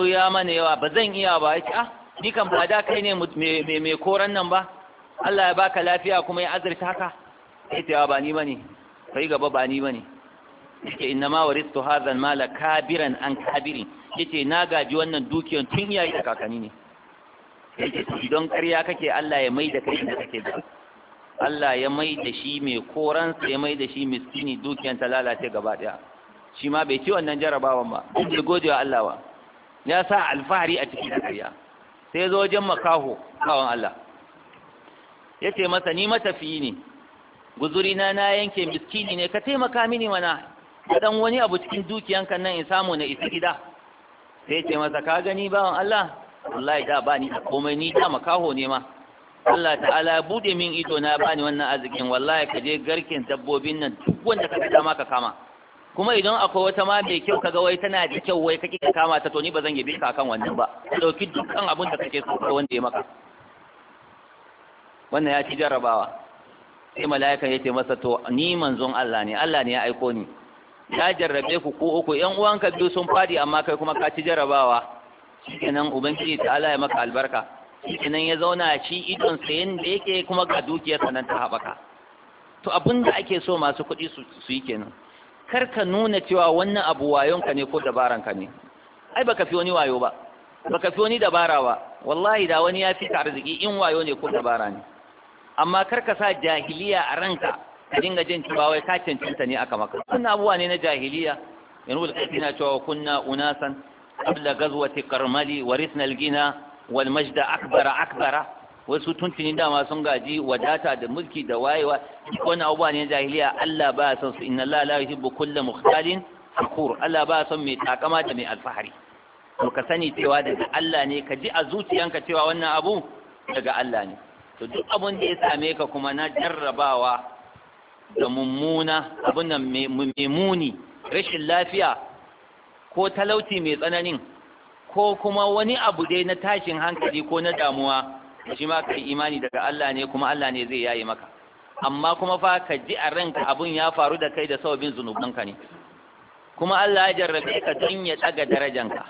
ya mana yawa ba zan iya ba ya ah ni kan ba da kai ne mai koran nan ba Allah ya baka lafiya kuma ya azurta haka Ita ta ah, ba ni bane kai gaba ba ni bane yake inna ma waristu hadha al-mala kabiran an kabirin yace na gaji wannan dukiyar tun iyaye da kakanni ne yake don ƙarya kake Allah ya mai da kai da kake da Allah ya mai da shi mai koransa ya mai da shi miskini dukiyar ta lalace gaba daya shi ma bai ci wannan jarabawan ba duk godewa Allah ba ya sa alfahari a cikin karya. sai zo wajen makaho kawon Allah yace masa ni matafiyi ne guzuri na na yanke miskini ne ka taimaka mini mana da dan wani abu cikin dukiyanka nan in samu na isa gida sai ce masa ka gani bawan Allah wallahi da ba ni da komai ni da makaho ne ma Allah ta'ala bude min ido na bani wannan arzikin wallahi ka je garkin dabbobin nan duk wanda ka ga ma ka kama kuma idan akwai wata ma mai kyau kaga wai tana da kyau wai kake ka kama ta to ni ba zan yi bika kan wannan ba dauki dukkan abin da kake so wanda ya maka wannan ya ci jarrabawa sai mala'ika ya ce masa to ni manzon Allah ne Allah ne ya aiko ni ya jarrabe ku ko uku yan uwanka biyu sun fadi amma kai kuma ka ci jarrabawa kenan ubangiji ta Allah ya maka albarka kenan ya zauna shi idon sayen da yake kuma ga dukiyar sanan ta haɓaka to abin da ake so masu kuɗi su yi kenan kar ka nuna cewa wannan abu ka ne ko dabaranka ne ai baka fi wani wayo ba baka fi wani dabara ba wallahi da wani ya fi ka arziki in wayo ne ko dabara ne amma kar ka sa jahiliya a ranka ka dinga jin cewa wai ka cancanta ne aka maka sunna abuwa ne na jahiliya yanzu da kake cewa kunna unasan qabla ghazwati karmali warisna al-gina wal majda akbara akbara wasu tuntuni dama sun gaji wadata da mulki da wayewa wannan abubuwa ne jahiliya Allah ba ya san su inna Allah la yuhibbu kulla mukhtalin fakhur Allah ba ya san mai takama da mai alfahari to ka sani cewa daga Allah ne ka ji a zuciyanka cewa wannan abu daga Allah ne to duk abun da ya same ka kuma na jarrabawa da mummuna abin nan mai muni rashin lafiya ko talauci mai tsananin ko kuma wani abu dai na tashin hankali ko na damuwa shi ma ka imani daga Allah ne kuma Allah ne zai yayi maka amma kuma fa ka ji a ranka abun ya faru da kai da sababin zunubanka ne kuma Allah ya jarrabe ka don ya daga darajanka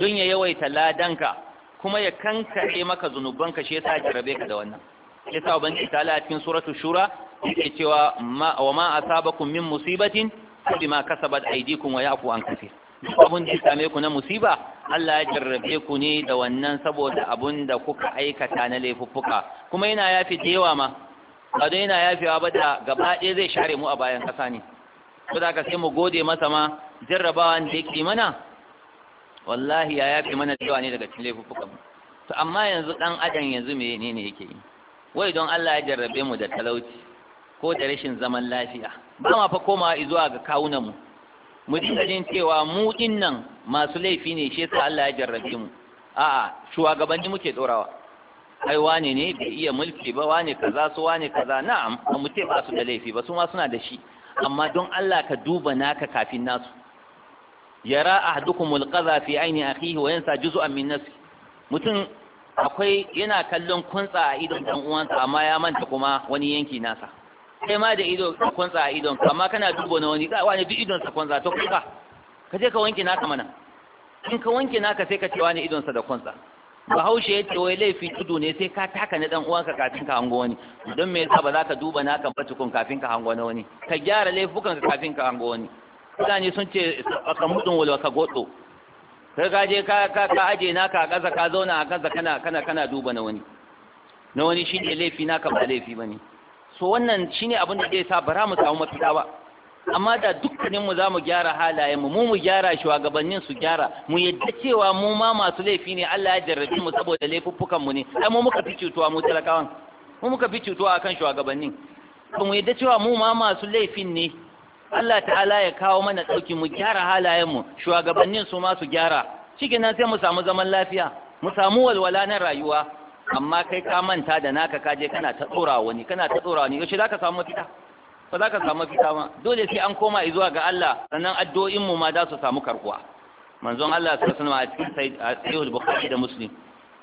don ya yawaita ladanka kuma ya kankare maka zunubanka shi yasa ya jarrabe ka da wannan yasa ubangi ta Allah cikin suratul shura yake cewa wa ma asabakum min musibatin da kasabat aydikum wa yafu an kaseer abun da same ku na musiba Allah ya jarrabe ku ne da wannan saboda abun da kuka aikata na laifuffuka kuma yana yafi da yawa ma ba don yana yafewa ba da gaba ɗaya zai share mu a bayan ƙasa ne ko da ka sai mu gode masa ma jarrabawa da yake mana wallahi ya yafe mana da yawa ne daga cikin laifuffukan to amma yanzu dan adam yanzu ne yake yi wai don Allah ya jarrabe mu da talauci ko da rashin zaman lafiya ba ma fa komawa zuwa ga kawunan mu Mu dinga jin cewa mu dinnan masu laifi ne shi yasa Allah ya jarrabe mu a'a shugabanni muke dorawa ai wane ne bai iya mulki ba wane kaza su wane kaza na'am ba mu ce ba su da laifi ba su ma suna da shi amma don Allah ka duba naka kafin nasu yara ahadukumul qaza fi aini akhihi wa yansa juz'an min nafsi mutum akwai yana kallon kuntsa a idon dan uwansa amma ya manta kuma wani yanki nasa kai ma da ido ka kwanza a idon amma kana dubo na wani ka wani duk idon sa kwanza to kuka ka je ka wanke naka mana in ka wanke naka sai ka ce wani idon sa da kwanza bahaushe ya ce wai laifi tudu ne sai ka taka na dan uwanka kafin ka hango wani don me yasa ba za ka duba naka ba tukun kafin ka hango na wani ka gyara laifukan ka kafin ka hango wani mutane sun ce ka mudun walwa ka goto ka ka je ka ka ka aje naka a ƙasa ka zauna a ƙasa kana kana kana duba na wani na wani shi ne laifi naka ba laifi bane so wannan shi ne abin da zai sa bara mu samu mafita ba amma da dukkanin mu mu gyara halayen mu mu mu gyara shugabannin su gyara mu yadda cewa mu ma masu laifi ne Allah ya jarrabe mu saboda laifuffukan mu ne ai mu muka fi cutuwa mu talakawan mu muka fi cutuwa akan shugabannin To mu yadda cewa mu ma masu laifin ne Allah ta'ala ya kawo mana dauki mu gyara halayen mu shugabannin su ma su gyara cikin nan sai mu samu zaman lafiya mu samu walwala na rayuwa amma kai ka manta da naka kaje kana ta tsora wani kana ta tsora wani yaushe zaka samu mafita ba za ka samu mafita ma. dole sai an koma zuwa ga Allah sannan addu'o'in mu ma za su samu karkuwa manzon Allah sallallahu alaihi wasallam a cikin sahih al-bukhari da muslim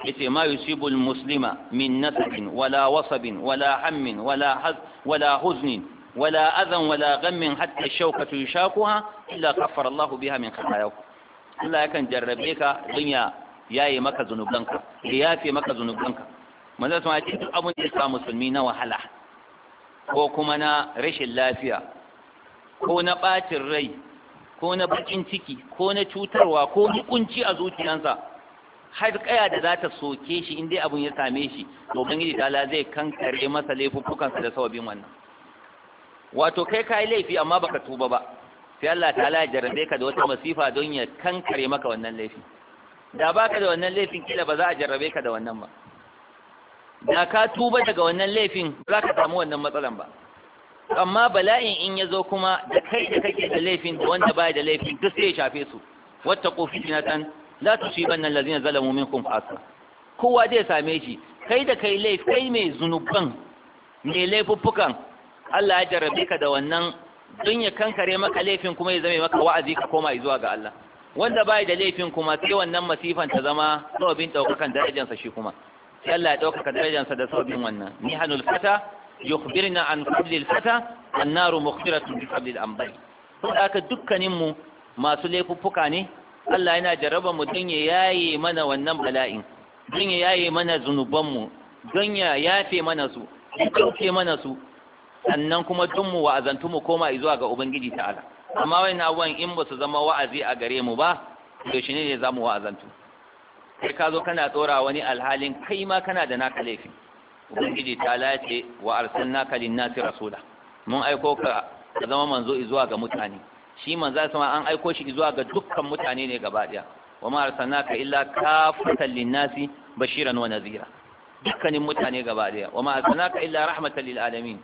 yace ma yusibu al-muslima min nasabin wala wasabin wala hammin wala haz wala huznin wala adhan wala ghammin hatta shawkatu yashaquha illa kaffara Allah biha min khatayahu Allah yakan jarrabe ka dunya yi maka zunubanka ya yafe maka zunubanka manzan sama ce duk abin da ya sa musulmi na wahala ko kuma na rashin lafiya ko na ɓacin rai ko na bakin ciki ko na cutarwa ko hukunci a zuciyarsa har kaya da za ta soke shi inda abin ya same shi to ubangiji ta zai kankare masa laifuffukansa da sababin wannan wato kai ka yi laifi amma baka tuba ba sai Allah ta ya jarabe ka da wata masifa don ya kankare maka wannan laifin. da baka da wannan laifin kila ba za a jarrabe ka da wannan ba da ka tuba daga wannan laifin za ka samu wannan matsalan ba amma bala'in in ya zo kuma da kai da kake da laifin da wanda baya da laifin duk sai ya shafe su wata kofi fitnatan la tusibanna allazina zalamu minkum fasa kowa zai same shi kai da kai laif kai mai zunuban mai laifuffukan Allah ya jarrabe ka da wannan don ya kankare maka laifin kuma ya zame maka wa'azi ka koma zuwa ga Allah wanda bai da laifin kuma sai wannan masifan ta zama sabbin daukakan sa shi kuma sai Allah ya daukaka sa da sabbin wannan nihanul fata yukhbirna an fadli al-fata annaru naru bi qabli al-anbari to aka dukkanin mu masu laifuffuka ne Allah yana jarraba mu don ya yaye mana wannan bala'in don ya yaye mana mu don ya yafe mana su ya kauce mana su sannan kuma dun mu wa'azantu mu koma zuwa ga Ubangiji ta'ala amma wani in ba su zama wa'azi a gare mu ba to shi ne za mu wa'azantu sai ka zo kana tsora wani alhalin kai ma kana da naka laifi ubangiji ta lace wa naka lin-nasi rasula mun aiko ka ka zama manzo zuwa ga mutane shi manzo ma an aiko shi zuwa ga dukkan mutane ne gaba daya wa ma arsalnaka illa kafatan lin-nasi bashiran wa nazira dukkanin mutane gaba daya wa ma arsalnaka illa rahmatan lil alamin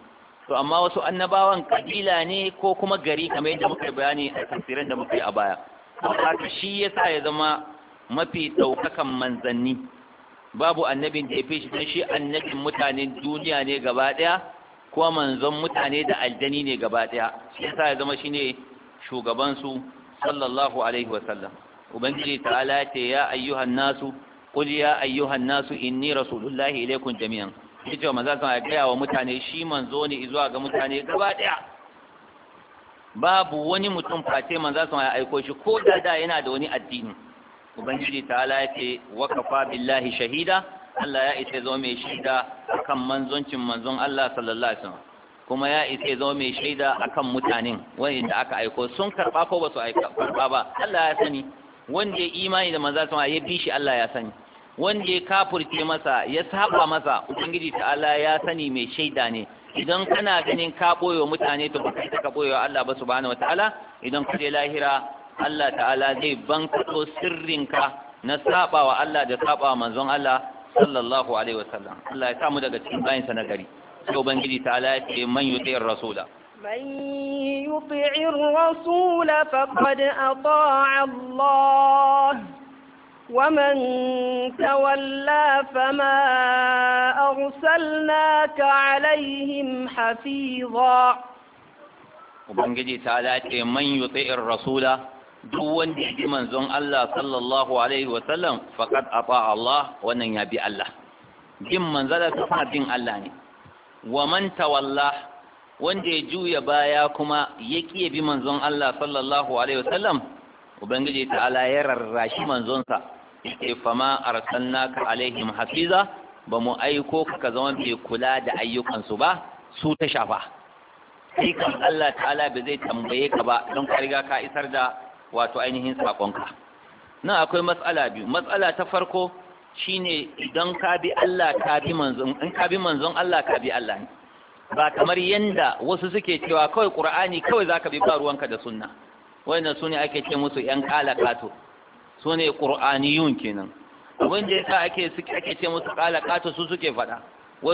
to amma wasu annabawan kabila ne ko kuma gari kamar yadda muka bayani a tafsirin da muka yi a baya haka shi yasa ya zama mafi daukakan manzanni babu annabin da ya fi shi don shi annabin mutanen duniya ne gaba daya kuma manzon mutane da aljani ne gaba daya shi yasa ya zama shine shugaban su sallallahu alaihi wasallam ubangiji ta'ala ce ya ayyuhan nasu qul ya ayyuhan nasu inni rasulullahi ilaikum jami'an ya ce wa maza sama ya gaya wa mutane shi manzo ne zuwa ga mutane gaba ɗaya babu wani mutum face manza sama ya aiko shi ko da da yana da wani addini ubangiji ta ala ya ce wa kafa billahi shahida Allah ya isa zo mai shaida akan manzoncin manzon Allah sallallahu alaihi wasallam kuma ya isa zo mai shaida akan mutanen wanda aka aiko sun karba ko ba su karɓa ba Allah ya sani wanda ya imani da manzo sama ya bi shi Allah ya sani wanda ya kafurce masa ya saba masa ubangiji ta'ala ya sani mai shaida ne idan kana ganin ka boyo mutane to baka ka boyo Allah ba subhanahu wataala idan kaje lahira Allah ta'ala zai sirrin ka na saba wa Allah da saba wa manzon Allah sallallahu alaihi wasallam Allah ya samu daga cikin bayin sa na gari sai ubangiji ta'ala ya ce man yuti rasula man yuti rasula faqad ata'a Allah ومن تولى فما أرسلناك عليهم حفيظا Ubangiji ta dace man yuti'ir rasula duk wanda ya manzon Allah sallallahu alaihi wa sallam a ata Allah wannan ya bi Allah Jin manzala ta bin Allah ne wa man tawalla wanda ya juya baya kuma ya kiye bi manzon Allah sallallahu alaihi wa sallam Ubangiji ta'ala ya rarrashi manzonsa yake fama ka alaihim hafiza ba mu aiko ka zama mai kula da ayyukansu ba su ta shafa sai kan Allah ta'ala ba zai tambaye ka ba don ka ka isar da wato ainihin sakonka nan akwai matsala biyu matsala ta farko shine idan ka bi Allah ka bi manzon in ka bi manzon Allah ka bi Allah ne ba kamar yanda wasu suke cewa kawai Qur'ani kawai zaka bi ba ruwanka da sunna wayannan sune ake ce musu yan kala kato su ne ƙur'aniyun kenan abin da yasa ake suke ake ce musu kala kata su suke faɗa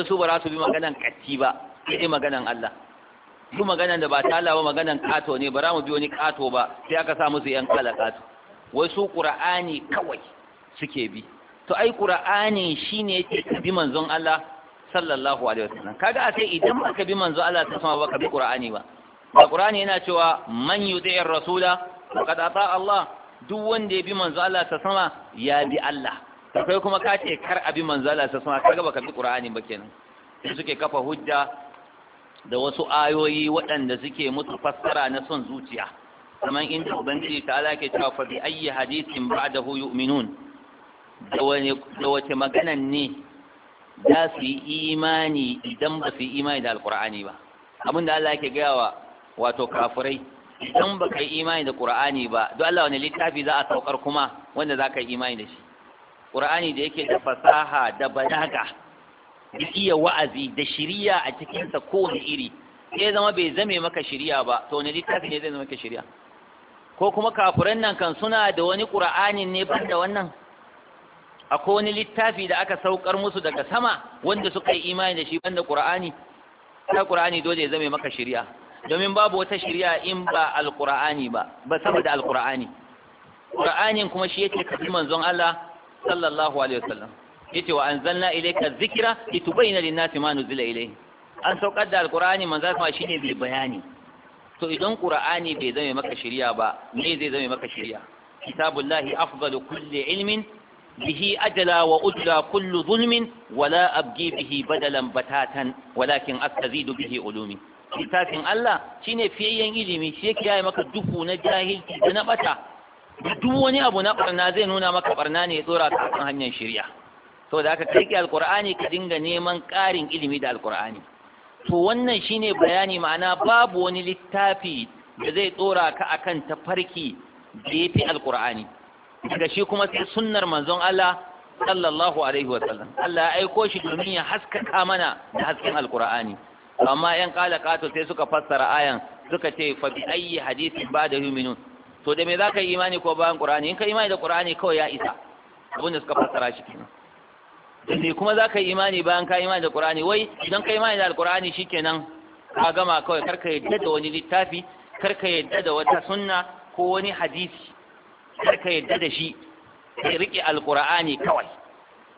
su ba za su bi maganan katti ba sai maganan Allah duk maganan da ba ta ba maganan kato ne ba za mu bi wani kato ba sai aka sa musu yan Wai su qur'ani kawai suke bi to ai qur'ani shine yake bi manzon Allah sallallahu alaihi wasallam kaga a sai idan baka bi manzon Allah ta sama baka bi qur'ani ba qur'ani yana cewa man yuti'ir rasula faqad ata Allah duk wanda ya bi manzo Allah ta sama ya bi Allah Kakai kuma ka ce kar a bi manzo Allah ta sama kaga baka bi Qur'ani ba kenan suke kafa hujja da wasu ayoyi waɗanda suke mutu fassara na son zuciya kamar inda ubangiji ta ala ke cewa bi ayyi hadisin ba'dahu yu'minun da wani wace magana ne za su yi imani idan ba su yi imani da alqur'ani ba abinda da Allah ke gaya wa wato kafirai idan ba ka yi imani da ƙura'ani ba don Allah wani littafi za a saukar kuma wanda za ka yi imani da shi ƙura'ani da yake da fasaha da balaga da iya wa'azi da shirya a cikinsa kowane iri ya zama bai zame maka shirya ba to wani littafi ne zai zama maka shirya? ko kuma kafuran nan kan suna da wani ƙura'ani ne ban da wannan akwai wani littafi da aka saukar musu daga sama wanda suka yi imani da shi da qur'ani ta qur'ani dole ya zame maka shirya? domin babu wata shari'a in ba alqur'ani ba ba sama da alqur'ani qur'anin kuma shi yake kafin manzon Allah sallallahu alaihi wasallam yace wa anzalna ilayka dhikra litubayyana lin-nasi ma nuzila ilayhi an saukar da alqur'ani manzon Allah shine bai bayani to idan qur'ani bai zame maka shari'a ba me zai zame maka shari'a kitabullahi afdalu kulli ilmin به أجلى وأدلى كل ظلم ولا أبقي به بدلا بتاتا ولكن أستزيد به علومي littafin Allah shine fiyayyen ilimi shi yake yaya maka duhu na jahilci da na bata duk wani abu na barna zai nuna maka barna ne ya tsora ka kan hanyar shirya saboda haka kai alkur'ani ka dinga neman ƙarin ilimi da alqur'ani to wannan shine bayani ma'ana babu wani littafi da zai tsora ka akan tafarki da ya fi alqur'ani daga shi kuma sai sunnar manzon Allah sallallahu alaihi wa sallam Allah ya aiko shi domin ya haskaka mana da hasken alkur'ani amma yan kala kato sai suka fassara ayan suka ce fa bi ayi hadisin ba da yuminu to da me za ka yi imani ko bayan qur'ani in ka imani da qur'ani kawai ya isa abin da suka fassara shi kenan sai kuma za ka yi imani bayan ka imani da qur'ani wai idan ka imani da alqur'ani shikenan ka gama kawai karka yadda da wani littafi karka yadda da wata sunna ko wani hadisi karka yadda da shi ya rike alqur'ani kawai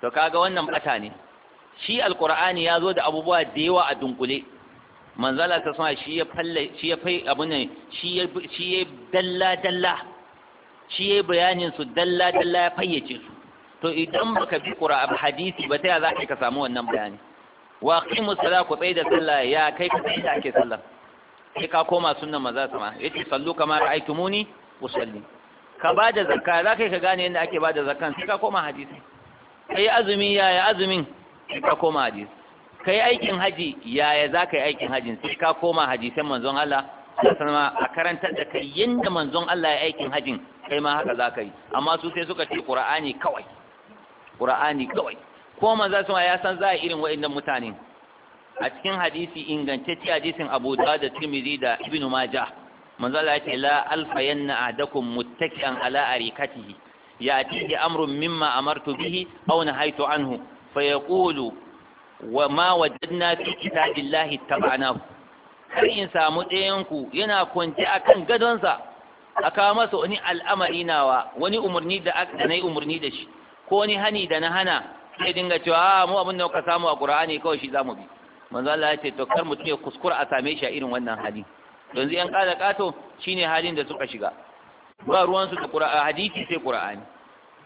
to kaga wannan bata ne shi alkur'ani ya zo da abubuwa da yawa a dunkule manzala ta sama shi ya falle shi ya fai abu ne shi ya shi ya dalla dalla shi ya bayanin su dalla dalla ya fayyace su to idan baka bi ba hadisi ba ta za ka samu wannan bayani wa qimu salat ku tsaye da sallah ya kai ka tsaye da ake sallah sai ka koma sunnan maza sama yace sallu kama ra'aytumuni usalli ka ba da zakka za ka gane yadda ake ba da zakkan sai ka koma hadisi kai azumi ya ya azumin ka koma haji kai aikin haji yaya za ka yi aikin hajin sai ka koma sai manzon Allah sanama a karantar da kai yadda manzon Allah ya aikin hajin kai ma haka za ka yi amma su sai suka ce ƙura'ani kawai qur'ani kawai ko manzon sama ya san za a irin waɗannan mutane. a cikin hadisi ingantacce hadisin Abu Dawud da Tirmidhi da Ibn Majah manzon Allah ya ce la alfayanna ahdakum muttaki'an ala arikatihi ya'tihi amrun mimma amartu bihi aw nahaitu anhu fayakulu wa ma wajadna fi kitabillahi tabanahu har in samu ɗayan ku yana kwance akan gadonsa a kawo masa wani al'amari nawa wani umarni da aka na umarni da shi ko wani hani da na hana sai dinga cewa a mu abin da ka samu a qur'ani kawai shi zamu bi manzo Allah ya ce to kar mutum ya kuskura a same shi a irin wannan hali yanzu yan kada kato shine halin da suka shiga ba ruwan su da hadisi sai qur'ani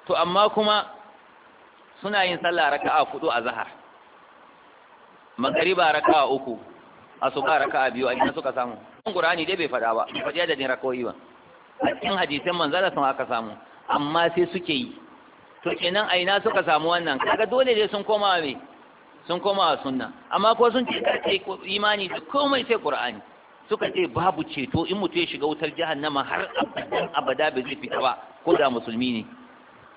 to amma kuma suna yin sallah raka'a hudu a zahar magariba raka'a uku asuba raka'a biyu a ina suka samu kun qur'ani dai bai faɗa ba bai da din rakawoyi ba a cikin hadisin manzala sun aka samu amma sai suke yi to kenan a ina suka samu wannan kaga dole dai sun koma me sun koma sunna amma ko sun ce kace imani da komai sai qur'ani suka ce babu ceto in mutum ya shiga wutar jahannama har abadan abada bai zai fita ba ko da musulmi ne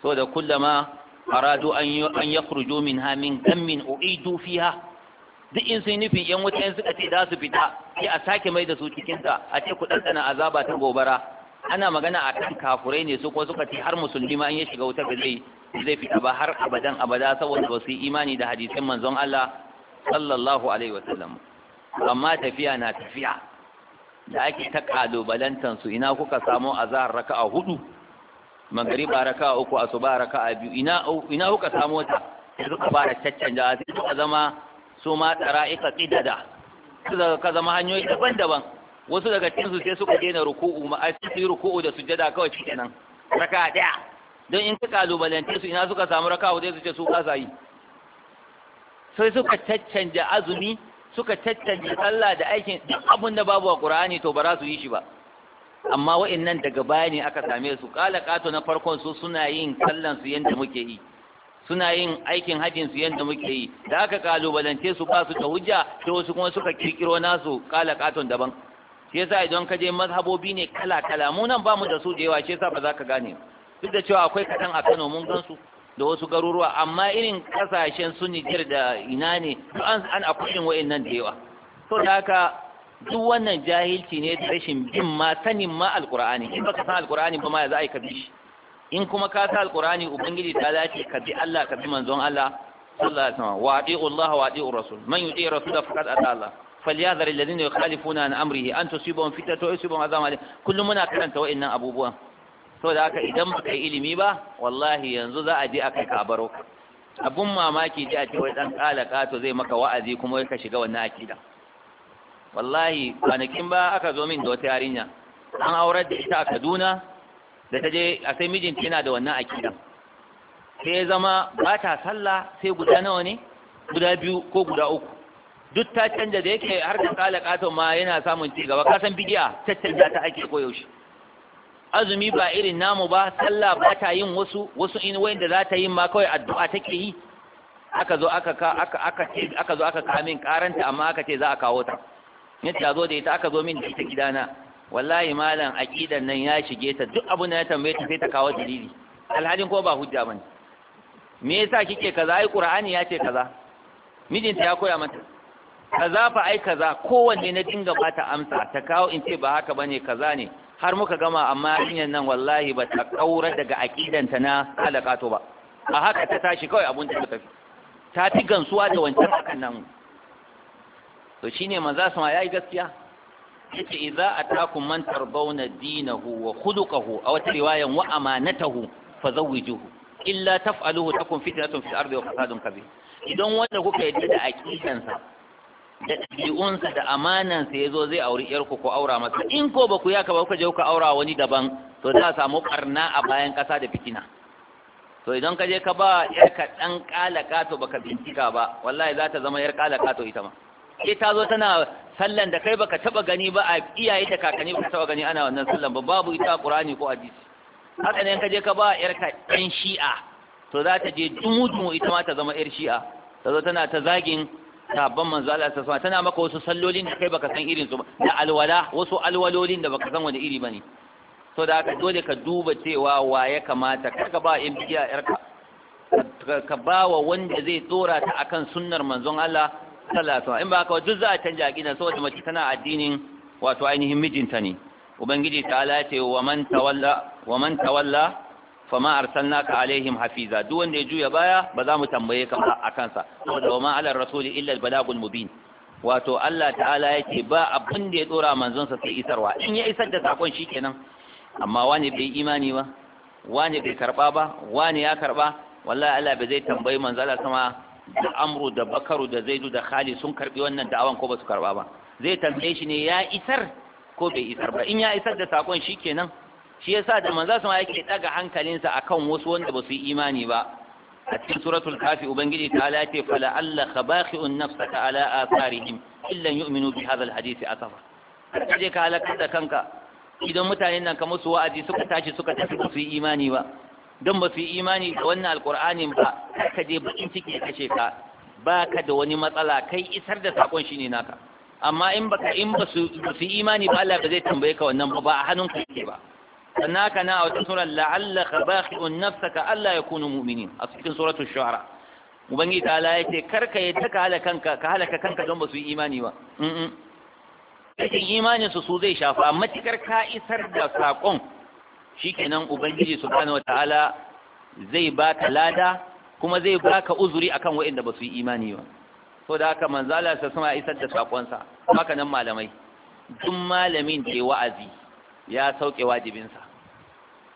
saboda kullama aradu an yakhruju minha min gammin uidu fiha duk in sun nufin yan wuta in suka ce za su fita sai a sake mai da su cikin ta a ce ku ɗanɗana azaba ta gobara ana magana a kan kafurai ne su ko suka ce har musulmi ma an ya shiga wuta da zai zai fita ba har abadan abada saboda ba su yi imani da hadisin manzon Allah sallallahu alaihi wa sallam amma tafiya na tafiya da ake ta su ina kuka samo azar raka'a hudu magariba raka uku baraka raka biyu ina kuka samu su suka fara caccanja sai suka zama su ma tsara'ika qidada ka zama hanyoyi daban-daban wasu daga cikin su sai suka daina ruku'u ma ai su ruku'u da sujjada kawai nan. raka daya don in ka kalubalance su ina suka samu raka sai su ce su kasa yi sai suka caccanja azumi suka caccanja sallah da aikin duk abin da babu a ƙura'ani to ba za su yi shi ba amma wa'annan daga baya ne aka same su kala kato na farkon su suna yin sallan su yanda muke yi suna yin aikin hajjin su yanda muke yi da aka kalubalance su ba su da hujja to wasu kuma suka kirkiro nasu kala katon daban shi yasa idan ka je mazhabobi ne kala kala mu nan bamu da su da yawa shi yasa ba za ka gane duk da cewa akwai kaɗan a Kano mun gan da wasu garuruwa amma irin kasashen su Niger da ina ne an an akwai wa'annan da yawa to da haka duk wannan jahilci ne da rashin bin ma sanin ma alqur'ani in baka san alqur'ani ba ma za a yi ka bi shi in kuma ka sa alqur'ani ubangiji ta dace ka bi Allah ka bi manzon Allah sallallahu alaihi wasallam wa ati'u Allah wa ati'u rasul man yuti'i rasul faqad ata Allah falyadhar alladhina yukhalifuna an amrihi an tusibahum fitnatun aw yusibahum azabun alim kullum muna karanta wa'annan abubuwan saboda haka idan baka yi ilimi ba wallahi yanzu za a je a kai ka baro abun mamaki ji a ce wai dan kala kato zai maka wa'azi kuma ka shiga wannan akida wallahi kwanakin ba aka zo min da wata yarinya an aurar da ita a kaduna da ta je a sai mijinta yana da wannan akidan sai zama ba ta sallah sai guda nawa ne guda biyu ko guda uku duk ta canja da yake har da kala katon ma yana samun ci gaba kasan bidiya caccanja ta ake koyaushe azumi ba irin namu ba sallah ba ta yin wasu wasu in da za ta yi ma kawai addu'a take yi aka zo aka aka aka aka zo aka kamin karanta amma aka ce za a kawo ta yace ta zo da ita aka zo min da ita gidana wallahi malam aqidan nan ya shige ta duk abin da na tambaye ta sai ta kawo dalili alhalin ko ba hujja bane me yasa kike kaza ai qur'ani ya ce kaza mijinta ya koya mata kaza fa ai kaza kowanne na dinga bata amsa ta kawo in ce ba haka bane kaza ne har muka gama amma hanyar nan wallahi ba ta kaura daga aƙidanta na halakato ba a haka ta tashi kawai abun da ta tafi ta fi gansuwa da wancan akan nan to shi ne su ma ya yi gaskiya Ya ce yace a taku man tardawna dinahu wa a wata riwayan wa amanatahu fazawwijuhu illa taf'aluhu takun fitnatun fil ardi wa fasadun kabir idan wanda kuka yadda da aqidansa da ɗabi'unsa da amanansa ya zo zai auri ƴarku ko aura masa in ko ba ku yaka ba kuka je kuka aura wani daban to za a samu ƙarna a bayan ƙasa da fitina to idan ka je ka ba yarka ɗan kalaka to baka bincika ba wallahi za ta zama yar kalaka to ita ma sai ta zo tana sallan da kai baka taba gani ba a iyaye da kakanni baka taba gani ana wannan sallan ba babu ita Qur'ani ko hadisi haka ne ka je ka ba yarka ɗan shi'a to za ta je dumu ita ma ta zama yar shi'a ta zo tana ta zagin sabon manzo Allah ta sama tana maka wasu sallolin da kai baka san irin su ba da alwala wasu alwalolin da baka san wani iri bane to da haka dole ka duba cewa wa ya kamata kar ka ba biya yar ka ka ba wa wanda zai tsora ta akan sunnar manzon Allah sallallahu in ba haka duk za a canja aqidan saboda mace tana addinin wato ainihin mijinta ne ubangiji ta'ala ce wa man tawalla wa man tawalla arsalnaka alaihim hafiza duk wanda ya juya baya ba za mu tambaye ka ba akan saboda wa ma ala rasuli illa al balagul mubin wato Allah ta'ala ce ba abin da ya dora manzon sa sai isarwa in ya isar da sakon shikenan amma wani bai imani ba wani bai karba ba wani ya karba wallahi Allah bai zai tambayi manzon Allah sama da amru da bakaru da zaidu da khali sun karbi wannan da'awan ko ba su karba ba zai tambaye shi ne ya isar ko bai isar ba in ya isar da sakon kenan, shi yasa da manzo sama yake daga hankalinsa akan wasu wanda ba su yi imani ba a cikin suratul kafi ubangiji ta ala ce fala alla khabakhi'un nafsaka ala atharihim illa yu'minu bi hadha alhadith asafa kaje ka halaka da kanka idan mutanen nan ka musu wa'azi suka tashi suka tafi su yi imani ba don ba su yi imani da wannan alkur'anin ba ka je bakin ciki ya kashe ka ba ka da wani matsala kai isar da sakon shi ne naka amma in baka in ba su yi imani ba Allah ba zai tambaye ka wannan ba ba a hannun ka yake ba sannan haka na a wata sura la'allaka baqi'un nafsaka Allah ya kunu mu'minin a cikin suratul shu'ara ubangiji ta Allah yace karka yadda ka halaka kanka ka halaka kanka don ba su yi imani ba mm imanin su su zai shafa matikar ka isar da sakon shikenan ubangiji subhanahu wataala zai baka lada kuma zai baka uzuri akan waɗanda ba su yi imani ba so da haka manzala sa sama isar da sakonsa haka nan malamai duk malamin da wa'azi ya sauke wajibinsa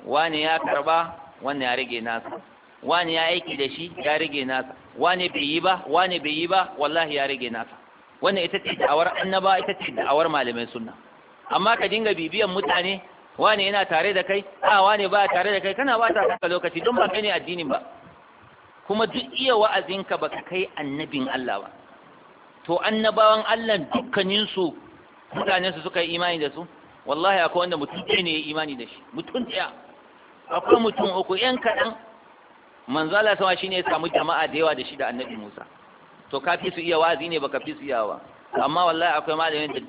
wani ya karba wani ya rage nasa wani ya aiki da shi ya rage nasa wani bai yi ba wani bai yi ba wallahi ya rage nasa wannan ita ce da'awar annaba ita ce da'awar malamai sunna amma ka dinga bibiyan mutane wane yana tare da kai a wane ba tare da kai kana ba ta kanka lokaci don ba kai ne addinin ba kuma duk iya wa'azinka ba ka kai annabin Allah ba to annabawan Allah dukkaninsu mutanensu suka yi imani da su wallahi akwai wanda mutum ɗaya ne ya imani da shi mutum ɗaya akwai mutum uku yan kaɗan manzala sama shine ya samu jama'a da yawa da shi da annabi Musa to ka fi su iya wa'azi ne baka fi su iya ba amma wallahi akwai malamin da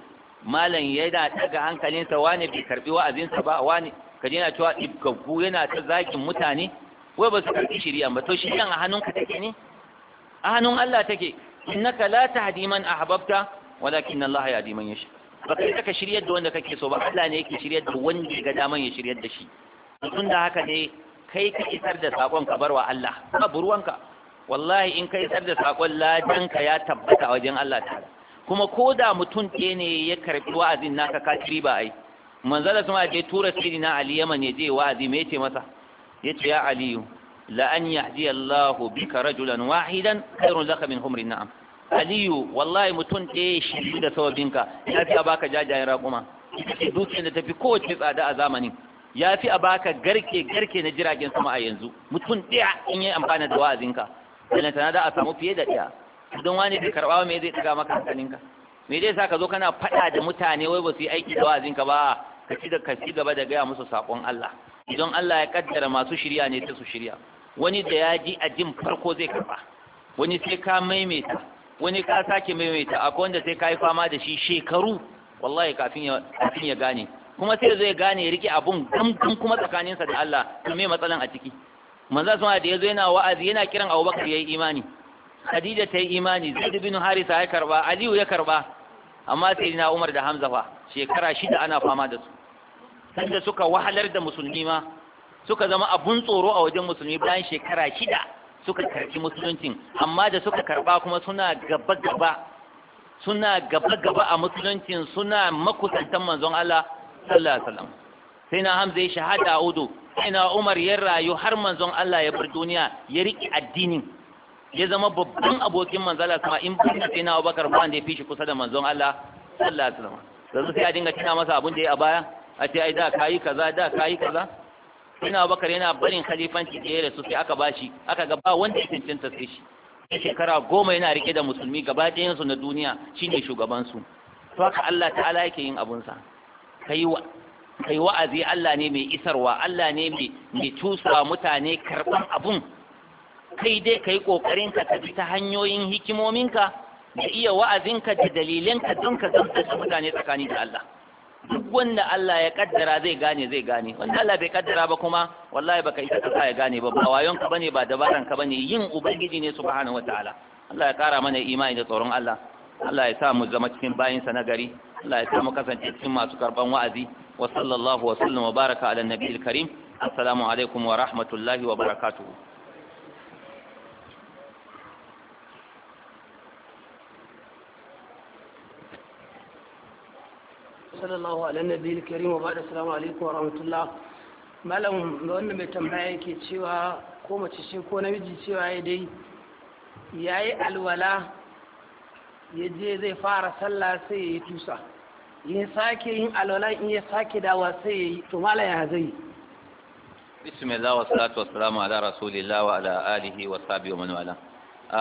malam yana daga hankalinsa wani bai karbi wa'azinsa ba wani kaje yana cewa ibgaggu yana ta zakin mutane wai ba su karbi shari'a ba to shari'a a hannunka take ne a hannun Allah take innaka la tahdi man ahbabta walakin Allah yahdi man yashi ba kai ka shirya da wanda kake so ba Allah ne yake shirya da wanda ga daman ya shirya da shi tun da haka ne kai ka isar da sakon ka barwa Allah ba buruwanka wallahi in ka isar da sakon ladanka ya tabbata wajen Allah ta'ala kuma ko da mutum ɗaya ne ya karɓi wa'azin naka ka ci riba ai manzala sun je tura Sidi na ali yaman ya je wa'azi me Yace masa ya ce ya aliyu la an yahdi bika rajulan wahidan khairun laka min humrin na'am aliyu wallahi mutum ɗaya shi da sawabinka ya fi a baka jajayen raƙuma dukiyar da tafi kowace tsada a zamanin ya fi a baka garke garke na jiragen sama a yanzu mutum ɗaya in yi amfana da wa'azinka da na da a samu fiye da ɗaya don wani da karɓa me zai ɗaga maka hankalinka me zai sa ka zo kana faɗa da mutane wai ba su yi aiki da wa'azinka ba ka ci da ka ci gaba da gaya musu saƙon Allah idan Allah ya kaddara masu shirya ne ta su shirya wani da ya ji a jin farko zai karɓa wani sai ka maimaita wani ka sake maimaita akwai wanda sai ka yi fama da shi shekaru wallahi kafin ya kafin ya gane kuma sai zai gane rike abun gamgam kuma tsakaninsa da Allah to me matsalan a ciki manzo sun da yazo yana wa'azi yana kiran Abubakar yayi imani Khadija ta yi imani Zaid bin Harisa ya karba Aliyu ya karba amma na Umar da Hamza fa shekara shida ana fama da su sanda suka wahalar da musulmi ma suka zama abun tsoro a wajen musulmi bayan shekara shida suka karki musuluncin amma da suka karba kuma suna gaba gaba suna gaba gaba a musuluncin suna makusantan manzon Allah sallallahu alaihi wasallam sai na Hamza ya shahada a Udu sai na Umar ya rayu har manzon Allah ya bar duniya ya riƙe addinin ya zama babban abokin manzala kuma in ba sai na Abubakar ba wanda ya fi shi kusa da manzon Allah sallallahu alaihi wasallam yanzu sai a dinga tuna masa abin da ya a baya a ce ai da kayi kaza da kayi kaza ina Abubakar yana barin khalifanci da yare su sai aka bashi aka ga ba wanda ya cancanta sai shi shekara goma yana rike da musulmi gaba ɗayansu na duniya shine shugaban su to haka Allah ta'ala yake yin sa kai wa kai wa'azi Allah ne mai isarwa Allah ne mai mai tusa mutane karban abun kai dai ka yi ƙoƙarin ka tafi ta hanyoyin hikimominka da iya wa'azinka da dalilinka don ka gamsar da mutane tsakanin da Allah duk wanda Allah ya kaddara zai gane zai gane wanda Allah bai kaddara ba kuma wallahi baka isa kasa ya gane ba ba wayon ka bane ba dabaran ka bane yin ubangiji ne subhanahu wataala Allah ya kara mana imani da tsoron Allah Allah ya sa mu zama cikin bayansa na gari Allah ya sa mu kasance cikin masu karban wa'azi wa sallallahu wa sallam wa baraka ala nabiyil karim assalamu alaikum wa rahmatullahi wa barakatuh وصلى الله على النبي الكريم وبعد السلام عليكم ورحمة الله da wanda mai tambaya yake cewa ko mace ce ko namiji cewa ya dai ya yi alwala ya je zai fara sallah sai ya yi tusa ya sake yin alwala in ya sake dawa sai ya yi to malam ya zai bismillah wa salatu wa salamu ala rasulillah wa ala alihi wa sahbihi wa man wala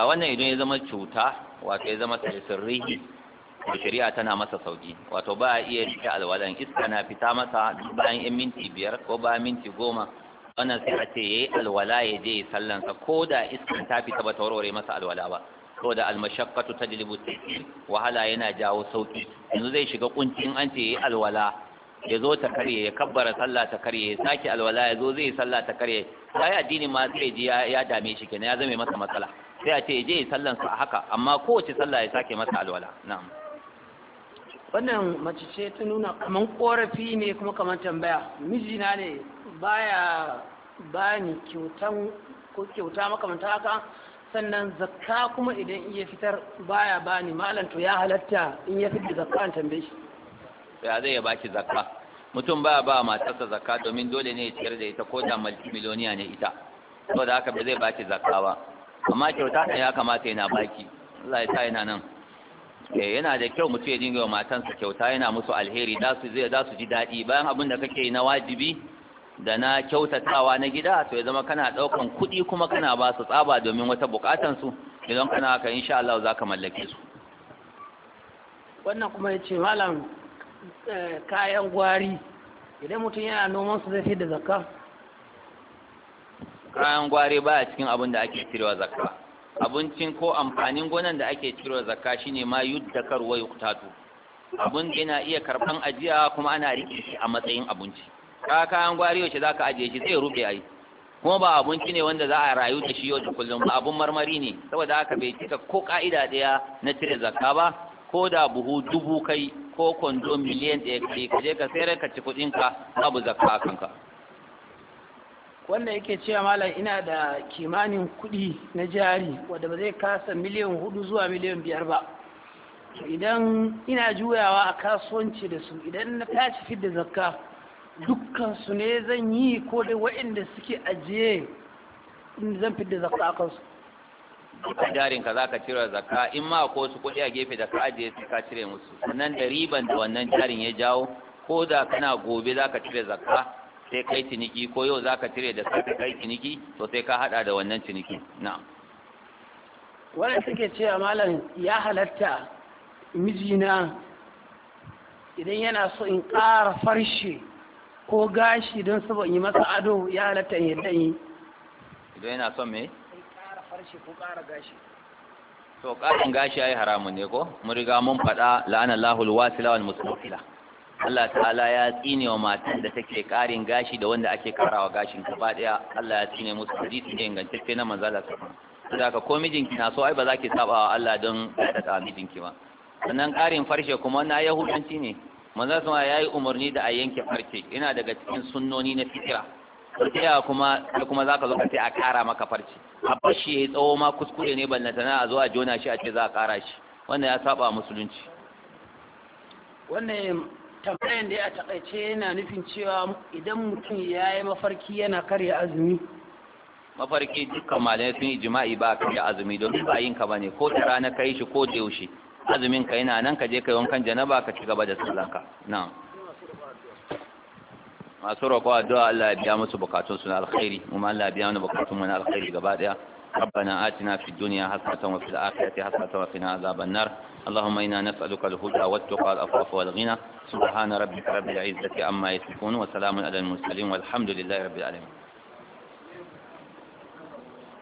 wannan idan ya zama cuta wato ya zama sirrihi to shari'a tana masa sauki wato ba iya rike alwalan iska na fita masa bayan yan minti biyar ko ba minti goma wannan sai a ce yayi alwala ya je sallansa ko da iska ta fita ba ta warware masa alwala ba saboda almashaqqatu tajlibu taysir wahala yana jawo sauki yanzu zai shiga kuncin an ce yayi alwala ya zo ta karye ya kabbara sallah ta karye ya sake alwala ya zo zai yi sallah ta karye sai addini ma sai ji ya dame shi kenan ya zame masa matsala sai a ce je sallan sa haka amma kowace sallah ya sake masa alwala na'am wannan mace ce ta nuna kaman korafi ne kuma kaman tambaya mijina ne baya ba ni kyautan ko kyauta makamanta haka sannan zakka kuma idan iya fitar baya ba ni malam to ya halatta in ya fitar zakka an tambaye shi ya zai ya baki zakka mutum baya ba matarsa zakka domin dole ne ya ciyar da ita ko da miliyoniya ne ita saboda haka ba zai baki zakka ba amma kyauta ne ya kamata yana baki Allah ya sa yana nan Eh, yana da kyau mutum ya dinga wa matansa kyauta yana musu alheri za su zai su ji daɗi bayan abin da kake na wajibi da na kyautatawa na gida to ya zama kana ɗaukan kuɗi kuma kana ba su tsaba domin wata buƙatan su idan kana haka insha Allah za ka mallake su wannan kuma ya ce malam eh, kayan gwari idan mutum yana noman su zai fi da zakka kayan gwari baya cikin abin da ake cirewa zakka abincin ko amfanin gonan da ake ciro zakka shine ma yuddakar wa yuqtatu abun da yana iya karban ajiya kuma ana rike shi a matsayin abinci ka kayan gwari yaushe zaka ajiye shi zai rufe ai kuma ba abinci ne wanda za a rayu da shi yau da kullum ba abun marmari ne saboda haka bai cika ko ka'ida ɗaya na cire zakka ba ko da buhu dubu kai ko kwando miliyan ɗaya kai ka je ka sayar ka ci kuɗinka babu zakka kanka wanda yake cewa malam ina da kimanin kuɗi na jari wadda ba zai kasa miliyan hudu zuwa miliyan biyar ba idan ina juyawa a kasuwanci da su idan na tashi fidda zakka dukkan ne zan yi ko dai waɗanda suke ajiye zan fidda zakka a kansu a jarin ka zaka cire zakka in ma ko su kuɗi a gefe da ka ajiye su ka cire musu sannan da riban da wannan jarin ya jawo ko da kana gobe zaka cire zakka sai kai ciniki ko yau za ka cire da sai kai ciniki to sai ka haɗa da wannan ciniki na wannan suke cewa malam ya halatta mijina idan yana so in ƙara farshe ko gashi don saboda yi masa ado ya halatta in yadda yi idan yana son me ƙara farshe ko ƙara gashi to ƙarin gashi ya yi haramun ne ko mun riga mun faɗa la'anallahu alwasila wal mustaqila Allah ta'ala ya tsine wa matan da take karin gashi da wanda ake karawa gashin gaba daya Allah ya tsine musu hadisi ne ingantacce na manzala Allah sallallahu alaihi ka ko mijinki na so ai ba za ki saba wa Allah don da mijinki ba sannan karin farshe kuma na yahudanci ne manzo sama yayi umarni da a yanke farce ina daga cikin sunnoni na fikira sai kuma sai kuma zaka zo ka sai a kara maka farce a bashi yayi tsawo ma kuskure ne na a zo a jona shi a ce za a kara shi wannan ya saba musulunci wannan tambayan da ya takaice yana nufin cewa idan mutum ya yi mafarki yana karya azumi mafarki dukkan malamai sun yi jima'i ba karya azumi don ba yin ka bane ko ta rana ka yi shi ko da yaushe azumin ka yana nan ka je ka yi wankan janaba ka ci gaba da sallanka na masu roƙo addu'a Allah ya biya musu bukatun su na alkhairi kuma Allah ya biya mana bukatun mu na alkhairi gaba daya ربنا آتنا في الدنيا حسنة وفي الآخرة حسنة وقنا عذاب النار اللهم إنا نسألك الهدى والتقى الأفرف والغنى سبحان ربك رب العزة أما يصفون وسلام على المرسلين والحمد لله رب العالمين